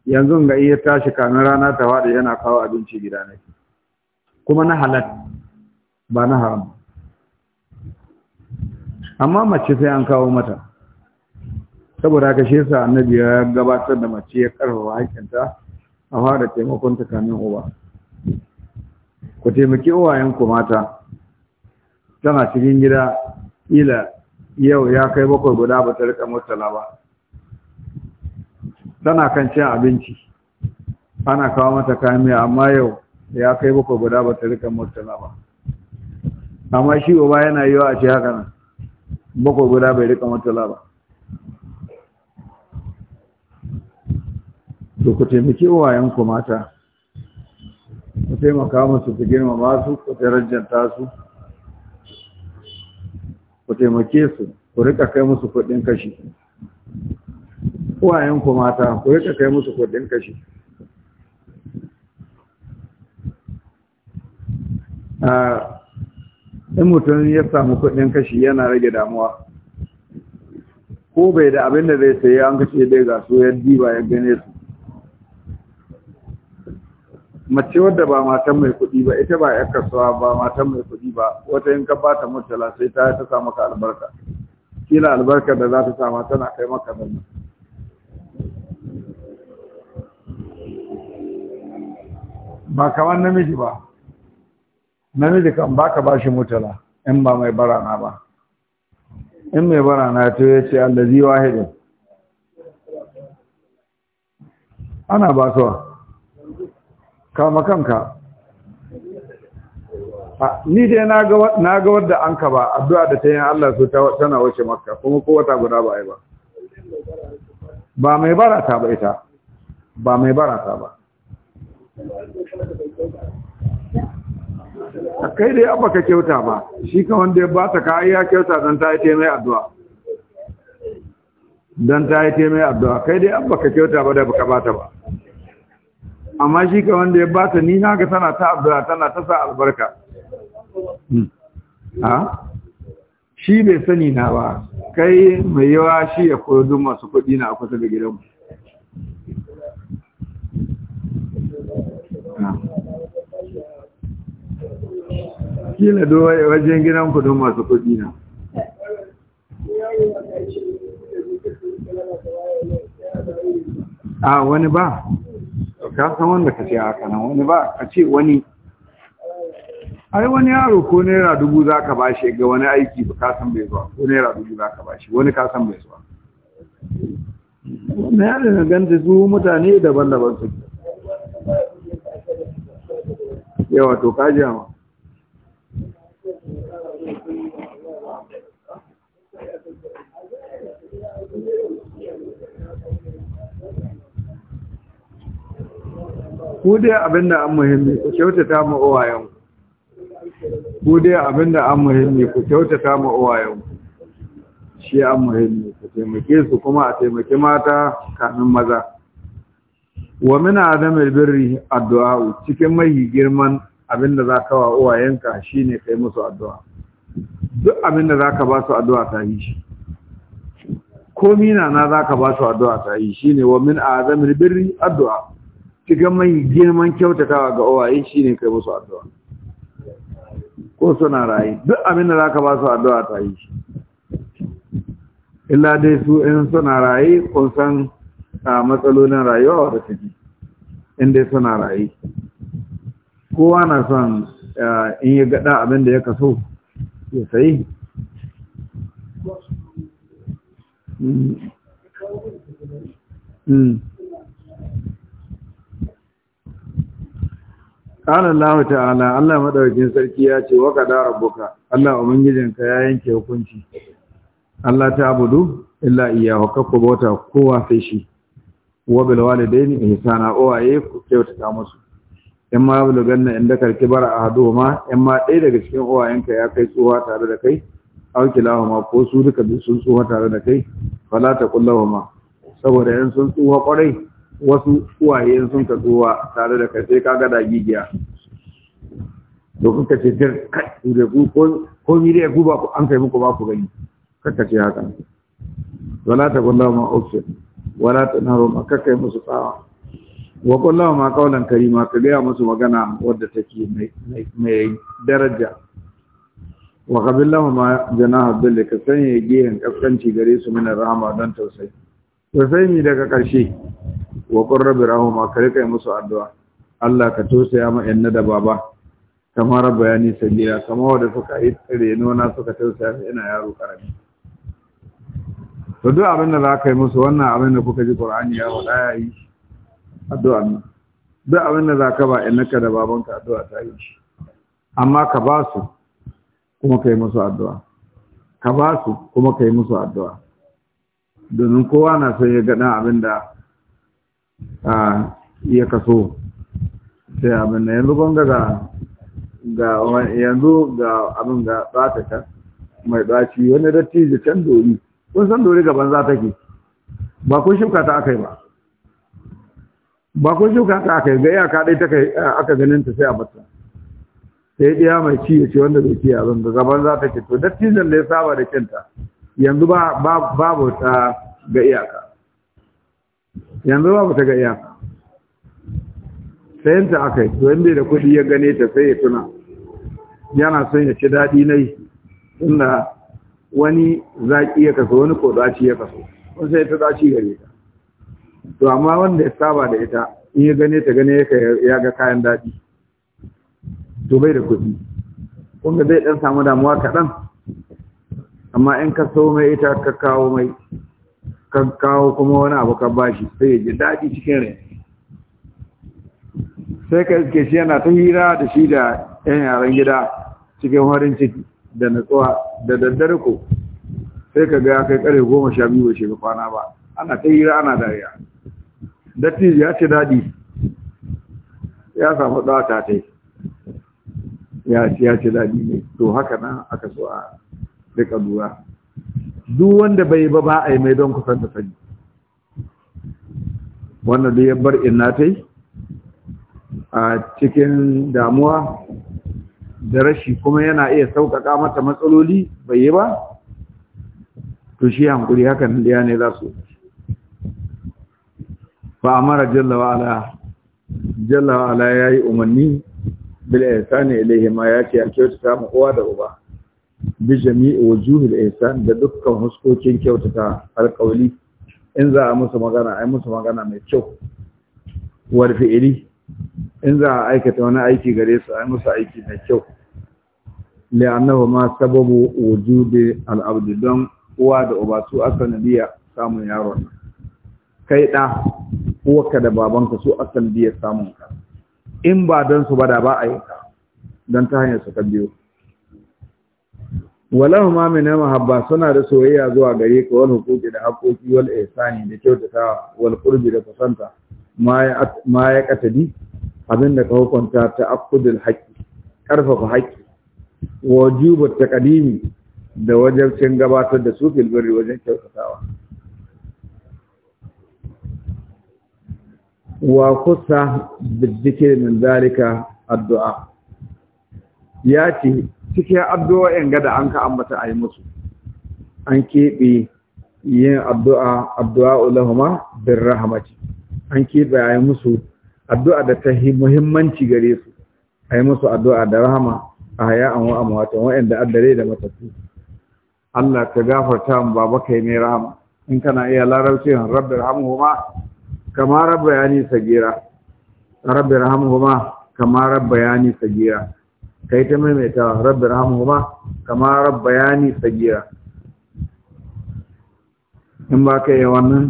yanzu ga iya tashi kamin rana ta wada yana kawo abinci gida nake kuma na halal ba na haram amma mace sai an kawo mata saboda haka shi yasa annabi ya gabatar da mace ya karfafa hakinta a fara taimakon ta kamin uba ku taimaki uwayen ku mata tana cikin gida ila yau ya kai bakwai guda ba ta rika murtala ba tana kan cin abinci ana kawo mata kamiya amma yau ya kai bakwai guda ba ta rika murtala ba amma shi uba yana yiwa a ce haka nan bakwai guda bai rika matala ba to ku taimaki ku mata ku taimaka musu su girmama su ku darajanta su ku taimake su ku rika kai musu kuɗin kashi ku mata ku rika kai musu kuɗin kashi a ah, in mutum ya samu kudin kashi yana rage damuwa ko bai da abin da zai sayi an kashe dai ga su ya diba ya gane su mace wadda ba matan mai kuɗi ba ita ba ya kasuwa ba matan mai kuɗi ba wata in ka ba ta mutala sai ta ta sa maka albarka kila albarkar da za ta sama tana kai maka nan. ba kamar namiji ba namiji kan baka shi mutala in ba mai barana ba in mai barana to ya ce allazi wahidin ana ba suwa kama kanka ni dai na ga wadda an ka ba addu'a da ta yin Allah su tana wace makka kuma ko wata guda ba yi ba ba mai barata ba ita ba mai barata ba kai dai abba ka kyauta ba shi ka wanda ya ba ta ka ya kyauta don ta yi mai addu'a don ta yi mai addu'a kai dai abba ka kyauta ba da baka ba ta ba amma shi ka wanda ya ba ta ni na ga tana ta addu'a tana ta sa albarka hmm. ha shi bai sani na ba kai mai yawa shi ya koyo duk masu kuɗi na a kusa da gidanmu kila doye wajen gidan kudin masu kudi na a wani ba ka san wanda ka ce haka nan wani ba ka ce wani ai wani yaro ko naira dubu za ka bashi ga wani aiki ba kasan bai zuwa ko naira dubu za ka bashi wani kasan bai zuwa Wani yaro na ganta su mutane daban-daban su yawa to kaji ma ku dai abinda an muhimmi ku kyautata ma uwayen ku dai da an muhimmi ku kyautata ma uwayen shi an muhimmi ku taimake su kuma a taimake mata kamin maza wa min adamil birri addu'a cikin mahi girman abinda za ka wa uwayenka shine kai musu addu'a duk abinda za ka ba su addu'a ta yi shi ko na za ka ba su addu'a ta yi shine wa min azamil birri addu'a ga mai girman kyautatawa ga owaye shi ne kai musu addu'a ko suna rayu duk abin da za ka ba su addu'a ta yi shi illa dai su in suna kun san a matsalolin rayuwa wata take in dai suna rayu. kowa na son in ya gada abin da ya kaso ya sayi Mm. hmm, hmm. Ƙanan Allah ta'ala Allah maɗaukin sarki ya ce wa kada rabbuka Allah ubangijinka ya yanke hukunci Allah ta abudu illa iyyahu kakku bauta kowa sai shi wa bil walidaini ihsana uwaye ku kyautata musu in ma ganna inda karki bara ma in ma ɗaya daga cikin uwayenka ya kai tsuwa tare da kai auki kilahuma ko su duka sun tsuwa tare da kai fala ta ma saboda 'yan sun tsuwa kwarai wasu uwaye sun ka zuwa tare da kai sai kaga da gigiya to kuka ce dir kai da ku ko ko ni da ku ba ku an kai muku ba ku gani kaka ce haka wala ta gulla ma ofsir wala ta naro ma kakai musu tsawa wa gulla ma kaulan karima ka ga musu magana wadda take mai daraja wa qabilla ma janaha billahi ka sanya giyan kaskanci gare su min rahama don tausayi to sai mi daga karshe wa qur rabbi rahuma ka musu addu'a Allah ka tausaya ma yanna da baba kamar bayani sabila kamar wanda suka yi reno na suka tausaya su ina yaro karami to duk abin da za ka yi musu wannan abin da kuka ji qur'ani ya wada ya yi addu'a duk abin da za ka ba ka da babanka addu'a ta yi shi amma ka ba su kuma ka yi musu addu'a ka ba su kuma ka yi musu addu'a domin kowa na son ya gada abin da a iya kaso sai abin da yanzu gonga ga yanzu ga abin ga tsata can mai tsaci wani da can dori kun san dori gaban za take ba kun shuka ta aka yi ba ba kun shuka ta aka yi ga iyaka Kai aka ganin ta sai a bata sai ɗaya mai ci ya ce wanda bai ci abin da gaban za ta ke to zan da ya saba da kinta yanzu babu ta ga iyaka yanzu babu ta ga iyaka sayanta aka yi tuwon bai da kudi ya gane ta sai ya tuna yana son ya ci daɗi nai inda wani zaƙi ya kaso wani kodaci ya kaso wani sai ta daci gare ta to amma wanda ya saba da ita in ya gane ta gane ya ga kayan daɗi to bai da kudi wanda zai ɗan samu damuwa kaɗan amma in ka so mai ita ka kawo mai ka kawo kuma wani abu ka bashi sai ya ji daɗi cikin rai sai ka iske shi yana ta hira da shi da 'yan yaren gida cikin harin ciki da natsuwa da daddare ko sai ka ga kai kare goma sha biyu ba shiga kwana ba ana ta hira ana dariya dattijo ya ce daɗi ya samu ɗata ta yi ya ce daɗi ne to haka nan aka so a rika lura duk wanda bai ba ba a yi mai don kusan da sani wannan da ya bar inna ta yi a cikin damuwa da rashi kuma yana iya sauƙaƙa mata matsaloli bai yi ba to shi hankuri hakan da ne za su ba a mara jallawa ala ya yi umarni bil sani ilayhi ma ce a kyautata mu uwa da uba bi jami'i wujuhil ihsan da dukkan huskokin kyautata alƙawli in za a musu magana ai musu magana mai kyau war fi'ili in za a aikata wani aiki gare su ai musu aiki mai kyau annahu ma sababu wujudi al'abdi don uwa da uba su asanadiya samun yaron kai da uwarka da babanka su asanadiya samun ka in ba don su ba da ba a yi ka don ta hanyar su ka biyo walahu ma min mahabba suna da soyayya zuwa gare ka wal huquqi da haƙoƙi wal ihsani da kyautata wal qurbi da kusanta ma ya katadi da ka hukunta ta aqdul haqqi karfafa haqqi wajibu taqdimi da wajabcin gabatar da su fil wajen kyautatawa wa kusa bizikir min zalika addu'a ya ce cikin addu’a ‘yan da an ka ambata a yi musu an keɓe yin addu'a addu'a ulahuma bin rahamaci, an keɓe a yi musu addu'a da ta muhimmanci gare su a yi musu addu'a da rahama a haya an wa amwata da addare da matattu Allah ka gafarta mu baba kai ne rahama in kana iya larabci rabbi rahamhuma kama rabbayani sagira rabbi sagira kai ta maimaita rabbi rahamuhuma kama rabbayani sagira in ba ka yi wannan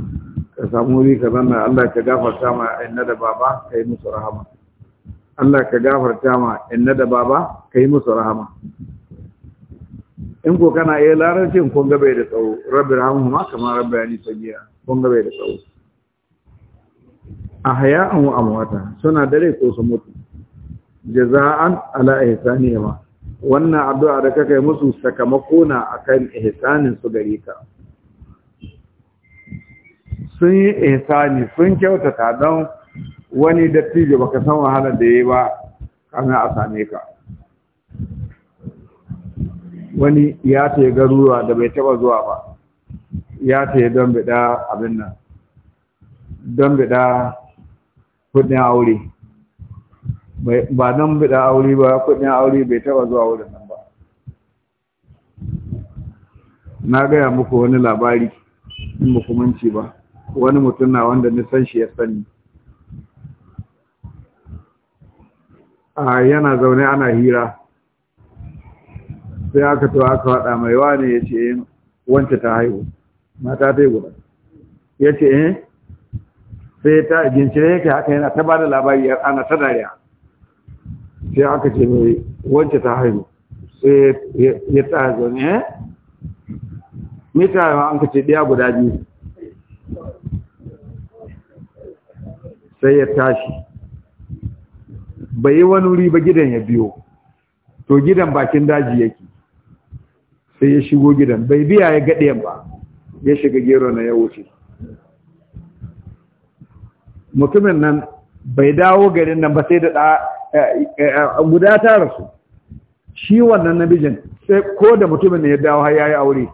ka samu wuri ka zanna Allah ka gafarta ma na da baba ka yi musu rahama Allah ka gafarta ma na da baba ka yi musu rahama in ko kana iya larancin kun ga bai da tsawo rabbi rahamuhuma kama rabbayani sagira kun ga bai da tsawo a haya'an wa amwata suna dare ko su mutu jaza'an ala ma. wannan addu'a da kake musu sakamako na akan ihsanin su gare ka sun yi ihsani sun kyautata don wani dattijo baka san wahalar da yayi ba kana a same ka wani ya ta garuruwa da bai taba zuwa ba ya ta don bida abin nan don bida kudin aure ba nan bida aure ba kudin aure bai taba zuwa wurin nan ba na gaya muku wani labari in ba kumanci ba wani mutum na wanda nisan shi ya sani a yana zaune ana hira sai aka to aka waɗa mai wane ya ce eh, wance ta haihu mata ta yi guda ya ce eh sai ta gincire yake haka yana ta ba da labari ana ta dariya sai aka ce mai wacce ta haihu sai ya tsaya zaune eh mita yawa an ka ce ɗaya guda biyu sai ya tashi bai yi wani wuri ba gidan ya biyo to gidan bakin daji yake sai ya shigo gidan bai biya ya gaɗe ba ya shiga gero na ya wuce mutumin nan bai dawo garin nan ba sai da guda ta rasu shi wannan namijin sai ko da mutumin ya dawo har yi aure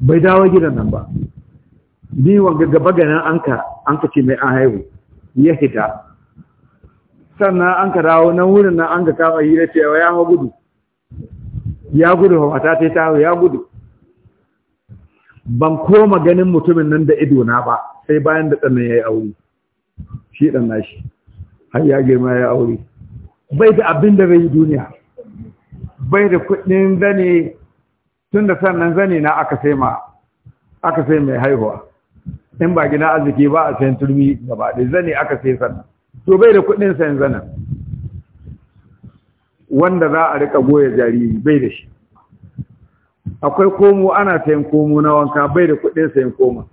bai dawo gidan nan ba ni gaba ganin anka ka ce mai an haihu ya hita sannan an ka dawo nan wurin nan an ka kama hira cewa ya hau gudu ya gudu mata ta ta ya gudu ban koma ganin mutumin nan da idona ba sai bayan da ɗannan ya yi aure shi ɗan nashi har ya girma ya aure bai da abin da zai yi duniya bai da kudin zane tun da sannan zane na aka sai ma aka sai mai haihuwa in ba gina arziki ba a sayan turmi gaba da zane aka sai sannan to bai da kudin sayan zanen wanda za a rika goya jariri bai da shi akwai komo ana sayan komo na wanka bai da kudin sayan koma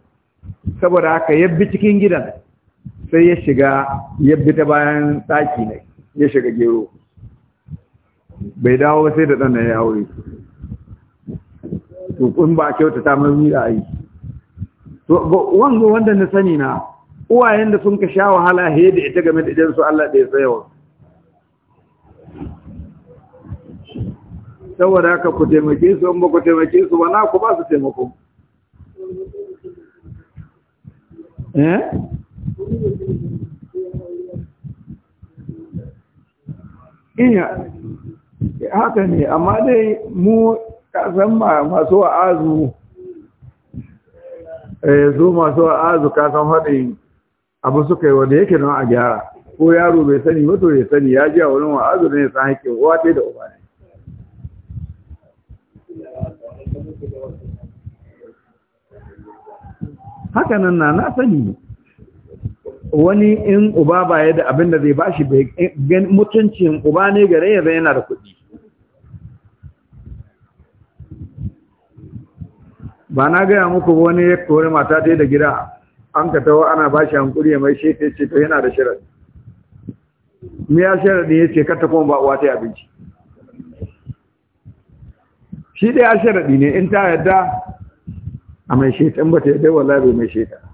saboda haka yabbi cikin gidan sai ya shiga ya bi ta bayan tsaki ne ya shiga gero bai dawo sai da ɗan na ya aure to kun ba kyauta ta mai da yi. to wanda na sani na uwayen da sun ka sha wahala he da ita game da idan su Allah da ya tsayawa saboda haka ku taimake su an ba ku taimake su ba na ku ba su taimako eh? iya eh, haka ne amma dai mu kasan masu wa'azu eh, su masu wa'azu kasan faɗin abu suka yi wanda yake nan a gyara ko yaro bai sani wato ya sani ya ji a wa'azu ne san haƙƙin uwa da uba ne haka nan na na sani ne wani in uba ba ya da abin da zai ba shi mutuncin uba ne gare ya zai yana da kuɗi ba na gaya muku wani ya kori mata ta da gida an ka tawo ana ba shi hankuri ya mai shefe ce to yana da shirar mu ya shirar ne ya ce kata kuma ba ta abinci shi ɗaya shirar ne in ta yadda a mai shetan ba ta yadda wallahi mai shetan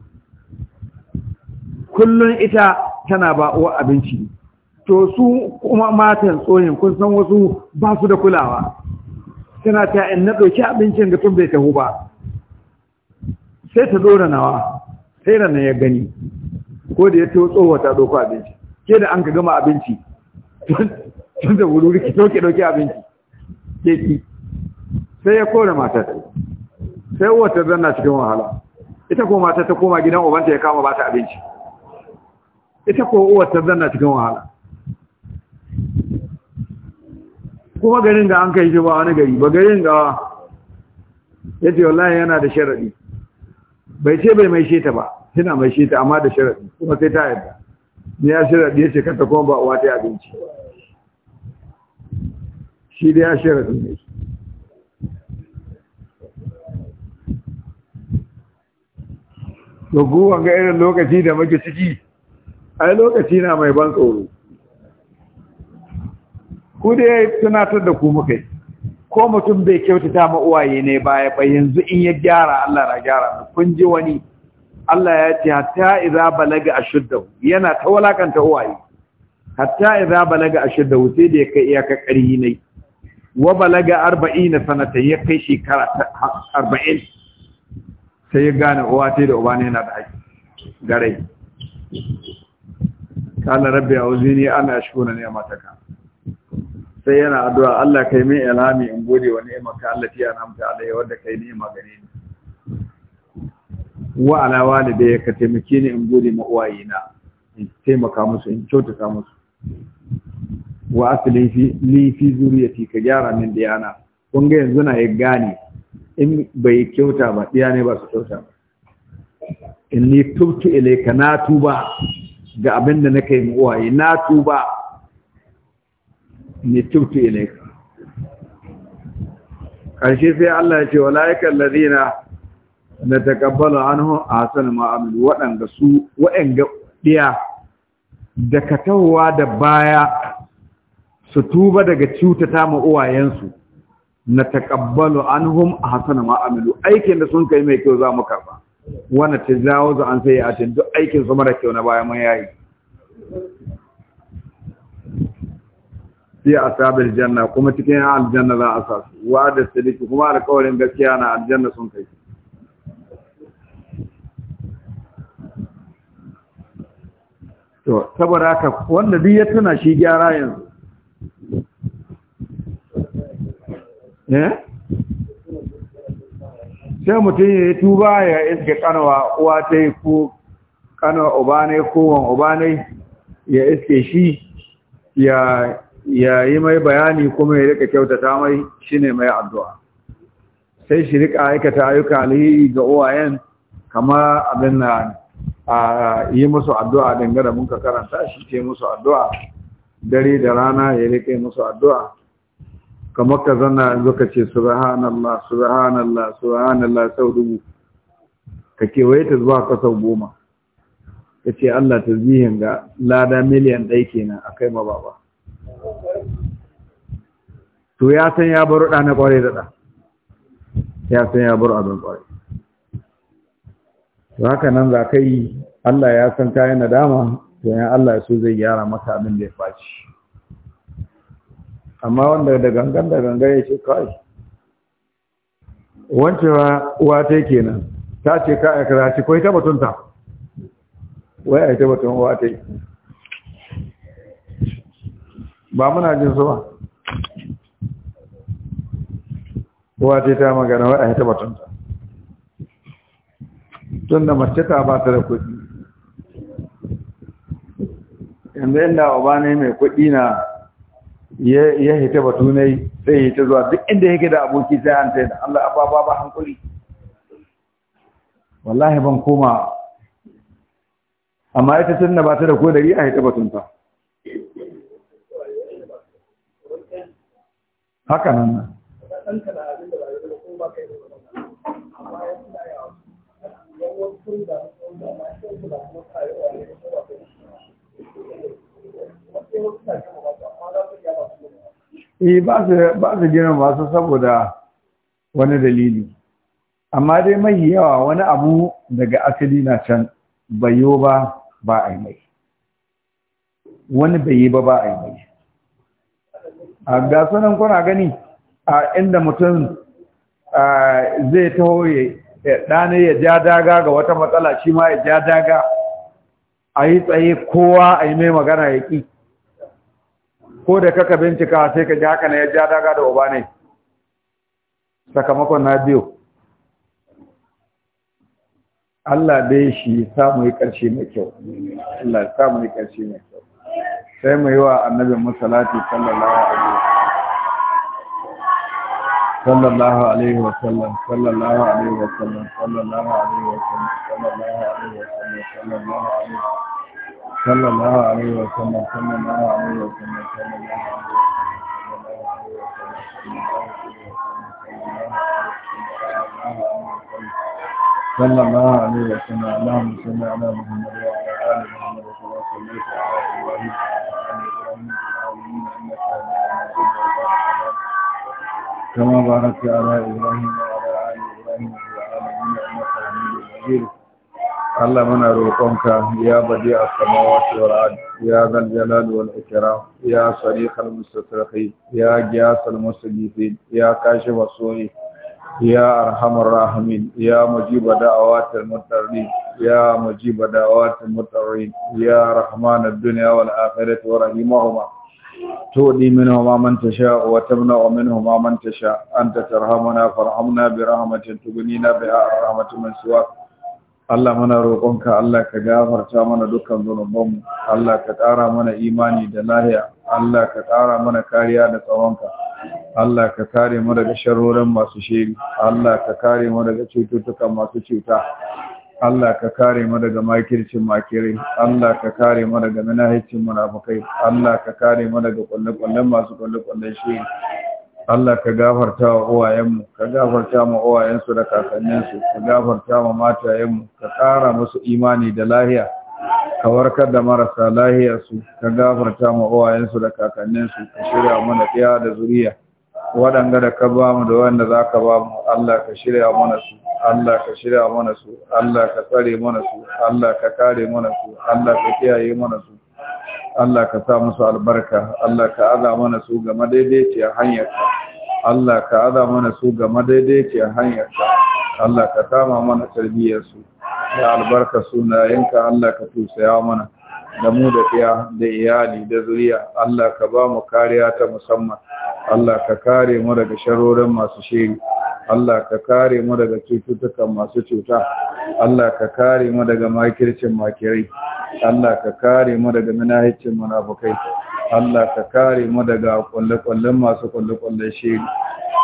kullun ita tana ba uwa abinci to su kuma matan tsohin kun san wasu ba su da kulawa tana ta in na ɗauki abincin da tun bai taho ba sai ta ɗora nawa sai da ya gani ko da ya taho tsohuwa ta ɗauko abinci ke da an ka gama abinci tun da wuri ki ɗauke ɗauke abinci ke ki sai ya kore matar sai wata zanna cikin wahala ita ko matar ta koma gidan ubanta ya kama ba ta abinci ita ko uwar ta zanna cikin wahala kuma garin ga an kai shi ba wani gari ba garin ga ya ce wallahi yana da sharaɗi bai ce bai mai sheta ba suna mai sheta amma da sharaɗi kuma sai ta yadda ne ya sharaɗi ya ce kanta kuma ba uwa ta abinci shi da ya sharaɗi ne to ga irin lokaci da muke ciki ai lokaci na mai ban tsoro ku dai tunatar da ku muka ko mutum bai kyautata ma uwaye ne baya ba yanzu in ya gyara Allah na gyara kun ji wani Allah ya ce hatta idza balaga ashuddahu yana ta walakanta uwaye hatta idza balaga ashuddahu sai da ya kai ka ƙarhi ne wa balaga 40 sanata ya kai shekara 40 sai ya gane uwa sai da uba ne yana da haƙi garai kana rabbi auzini ana a ni'mataka sai yana addu'a Allah kai min ilhami in gode wa ni'maka allati an'amta alayya wadda kai ni'ima gare ni wa ala walidayya ka taimake ni in gode ma na? in taimaka musu in kyautata musu wa asli fi li fi zuriyati ka gyara min diyana kun ga yanzu na ya gane in bai kyauta ba diya ne ba su kyauta ba in ni tubtu ilayka na tuba ga abin da na kai uwaye na tuba ne tubtu ilaika ƙarshe sai Allah ya ce wa laikar ladina da takabbala anhu ahsan ma'amilu waɗanda su waɗanda ɗiya da katawa da baya su tuba daga cutata ma uwayensu na takabbalu anhum ahsan ma'amilu aikin da sun kai mai kyau za mu karba ta jawo za an sai a duk aikin su mara kyau na baya mun yayi a asabil janna kuma cikin aljanna za a sa su wa da sadiki kuma alƙawarin gaskiya na aljanna sun kai to saboda haka wanda duk ya tuna shi gyara yanzu eh sai mutum ya yi tuba ya iske kanawa, uwa ta yi ko obanai ya iske shi ya yi mai bayani kuma ya rika kyautata mai shi ne mai addu'a sai shi rika aikata ayyuka alhiri ga uwayen kama abin na yi musu addu'a dangane mun ka karanta shi ce musu addu'a dare da rana ya rika musu addu'a kamar ka zanna yanzu ka ce subhanallah subhanallah subhanallah sau dubu ka kewaye ta zuwa ka sau goma ka ce Allah ta zihin ga lada miliyan ɗai kenan a kai mababa to ya san ya baro ɗa na ƙwarai da ɗa ya san ya baro abin ƙwarai to haka nan za ka yi Allah ya san kayan nadama to yan Allah ya so zai gyara maka abin da ya faci amma wanda da gangan da gangan ya ce kai wancewa uwa ta kenan ta ce ka aikata shi ko ita ta wai a ita batun uwa ta ba muna jin su ba uwa ta ta magana wai a batun ta tun da mace ta ba ta da kuɗi yanzu inda uba ne mai kuɗi na ya hita batu ne sai ya hita zuwa duk inda yake da aboki sai an sai da Allah a ba ba wallahi ban koma amma ita sunna ba ta da ko dari a hita batun ta haka nan Thank you. eh ba su ba su saboda wani dalili amma dai mai yawa wani abu daga asali na can bai ba ba a yi mai wani bai yi ba ba a yi mai a ga kuna gani a inda mutum zai taho ya ɗane ya ja daga ga wata matsala shi ma ya ja daga a yi tsaye kowa a yi mai magana ya ƙi ko da kaka bincika sai ka ji haka ne ya ja daga da uba ne sakamakon na biyu Allah dai shi samu yi ƙarshe mai kyau Allah samu yi ƙarshe mai kyau sai mu yi wa annabin masalati sallallahu alaihi wa sallallahu alaihi wa sallam sallallahu alaihi wa sallam sallallahu alaihi wa sallam sallallahu alaihi wa sallam sallallahu alaihi wa sallam sallallahu alaihi wa sallam sallallahu alaihi wa sallam sallallahu alaihi wa sallam sallallahu alaihi wa sallam sallallahu alaihi wa sallam sallallahu alaihi wa sallam sallallahu alaihi wa sallam sallallahu alaihi wa sallam sallallahu كما باركت على ابراهيم وعلى ال ابراهيم في العالمين انك حميد مجيد Allah muna roƙonka ya badi a samawati wal ard ya zal jalal wal ikram ya sariq al ya giyas al ya kashi as ya arhamar rahimin ya mujiba da'awatil mutarrin ya mujiba da'awatil mutarrin ya rahman dunya wal akhirati wa rahimahuma تؤدي منهما من تشاء وتمنع منهما من تشاء أنت ترحمنا فارحمنا برحمة تغنينا بها الرحمة من سواك Allah muna roƙonka Allah ka gafarta mana dukkan zunubanmu Allah ka ƙara mana imani da lahiya Allah ka ƙara mana kariya da tsawonka Allah ka kare mu daga sharorin masu shiri Allah ka kare mu daga cututtukan masu cuta Allah ka kare mu daga makircin makirai Allah ka kare mu daga munafikin munafukai Allah ka kare mu daga kullu masu kullu shiri. Allah ka gafarta wa uwayenmu ka gafarta ma uwayensu da kakanninsu ka gafarta ma matayenmu ka ƙara musu imani da lahiya ka warkar da marasa lahiyarsu ka gafarta ma uwayensu da kakanninsu ka shirya mana ɗaya da zuriya waɗanda da ka ba mu da wanda za ka ba mu Allah ka shirya mana su Allah ka shirya mana su Allah ka tsare mana su Allah ka kare mana su Allah ka kiyaye mana su Allah ka sa musu albarka Allah ka aza mana su ga madaidaiciyar hanyarka Allah ka aza mana su ga madaidaiciyar hanyarka Allah ka kama mana tarbiyyarsu da albarka yanka Allah ka tusaya mana da mu da ɗaya da iyali da zuriya Allah ka ba mu kariya ta musamman Allah ka kare mu daga sharorin masu shiri Allah ka kare mu daga cututtukan masu cuta Allah ka kare mu daga makircin makirai Allah ka kare mu daga munahicin munafukai Allah ka kare mu daga kullukullun masu kullukullun shi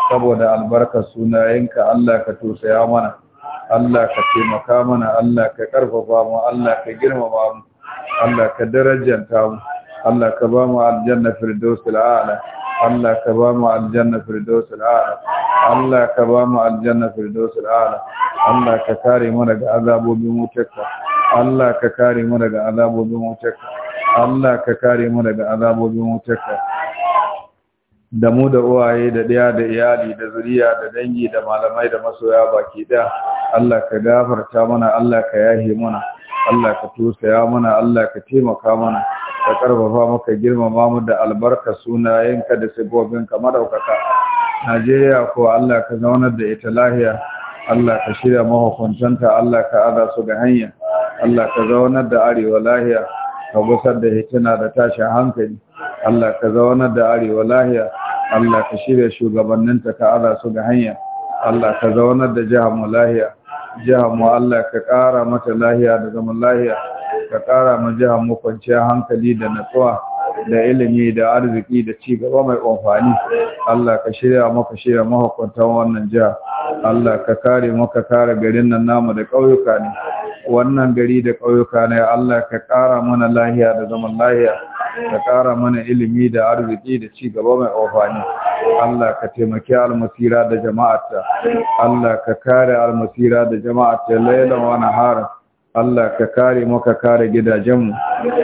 saboda albarkar sunayenka Allah ka tusaya mana Allah ka taimaka mana Allah ka karfafa mu Allah ka girmama mu Allah ka darajanta mu Allah ka ba mu aljanna firdausul a'la Allah ka ba mu aljanna firdausul a'la Allah ka ba mu aljanna firdausul a'la Allah ka kare mu daga azabobin wutarka Allah ka kare mu daga azabobin wutarka Allah ka kare mu daga azabobin wutarka da mu da uwaye da ɗaya da iyali da zuriya da dangi da malamai da masoya baki ɗaya Allah ka gafarta mana Allah ka yahe mana Allah ka tosaya mana Allah ka taimaka mana ka karfafa maka girmama mu da albarka sunayenka da sabobinka madaukaka Najeriya ko Allah ka zaunar da ita lahiya Allah ka shirya mahukuntanta Allah ka aza su ga hanya Allah ka zaunar da arewa lahiya ka gusar da hikina da tashin hankali Allah ka zaunar da arewa lahiya Allah ka shirya shugabanninta ka aza su ga hanya Allah ka zaunar da jihar mu lahiya jihar mu Allah ka kara mata lahiya da zaman lahiya ka kara ma jihar mu kwanciyar hankali da natsuwa da ilimi da arziki da ci gaba mai amfani Allah ka shirya maka shirya mahukuntan wannan jiha Allah ka kare maka kare garin nan namu da ƙauyuka ne wannan gari da ƙauyuka ne Allah ka ƙara mana lahiya da zaman lahiya ka ƙara mana ilimi da arziki da ci gaba mai amfani Allah ka taimaki almasira da jama'arta Allah ka kare almasira da jama'arta lailan wa naharan Allah ka kare mu ka kare gidajenmu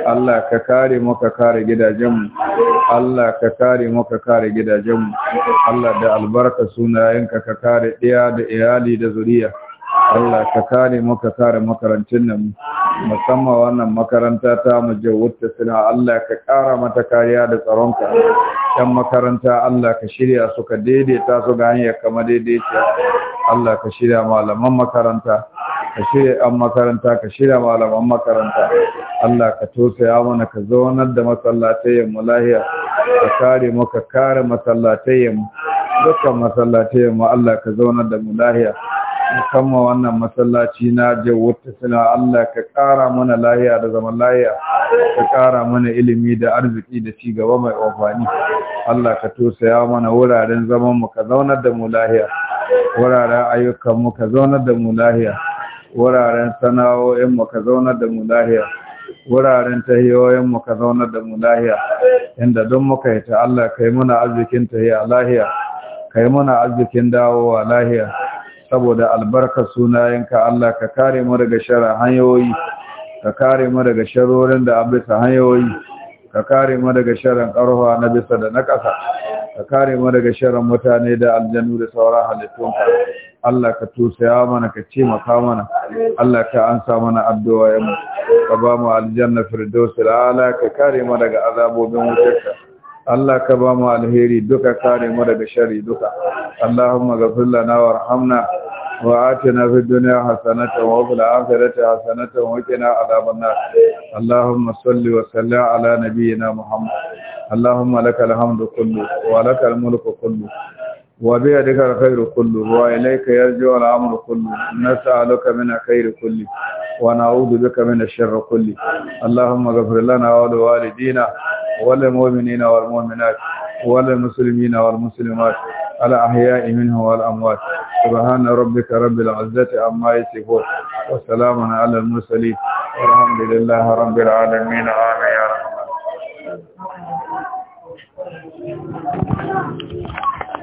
Allah ka kare mu ka kare gidajenmu Allah ka kare mu ka kare gidajenmu Allah da albarka sunayenka ka kare ɗaya da iyali da zuriya Allah ka kare mu ka kare makarantun nan musamman wannan makaranta ta mu jawwata suna Allah ka kara mata kariya da tsaronka yan makaranta Allah ka shirya su ka daidaita su ga hanyar kama daidaita Allah ka shirya malaman makaranta ka shirya yan makaranta ka shirya malaman makaranta Allah ka ya mana ka zaunar da masallatayen mu lahiya ka kare mu ka kare masallatayen mu dukkan masallatayen mu Allah ka zaunar da mu lahiya musamman wannan masallaci na jawwata suna Allah ka ƙara mana lahiya da zaman lahiya ka ƙara mana ilimi da arziki da ci gaba mai amfani Allah ka tosaya mana wuraren zaman mu ka zaunar da mu lahiya wuraren ayyukan mu ka zaunar da mu lahiya wuraren sana'o'in mu ka zaunar da mu lahiya wuraren tahiyoyin mu ka zaunar da mu lahiya inda don muka yi ta Allah kai muna arzikin tahiya lahiya kai muna arzikin dawowa lahiya saboda albarkar sunayenka Allah ka kare mu daga sharar hanyoyi ka kare mu daga sharorin da abisa hanyoyi ka kare mu daga sharar ƙarfa na bisa da na ƙasa ka kare mu daga sharar mutane da aljanu da sauran halittunka Allah ka tusaya mana ka ce maka mana Allah ka ansa mana addu'a mu ka ba mu aljanna firdausul ala ka kare mu daga azabobin wutarka Allah ka ba mu alheri duka kare mu daga shari duka Allahumma ghfir lana warhamna wa atina fid dunya hasanatan wa fil akhirati hasanatan wa qina adhaban nar Allahumma salli wa sallim ala nabiyyina Muhammad Allahumma lakal hamdu kullu wa lakal mulku kullu وبيدك الخير كله وإليك يرجع الأمر كله نسألك من الخير كله ونعوذ بك من الشر كله اللهم اغفر لنا ولوالدينا وللمؤمنين والمؤمنات وللمسلمين والمسلمات الأحياء منهم والأموات سبحان ربك رب العزة عما يصفون وسلام على المرسلين والحمد لله رب العالمين آمين يا رحمن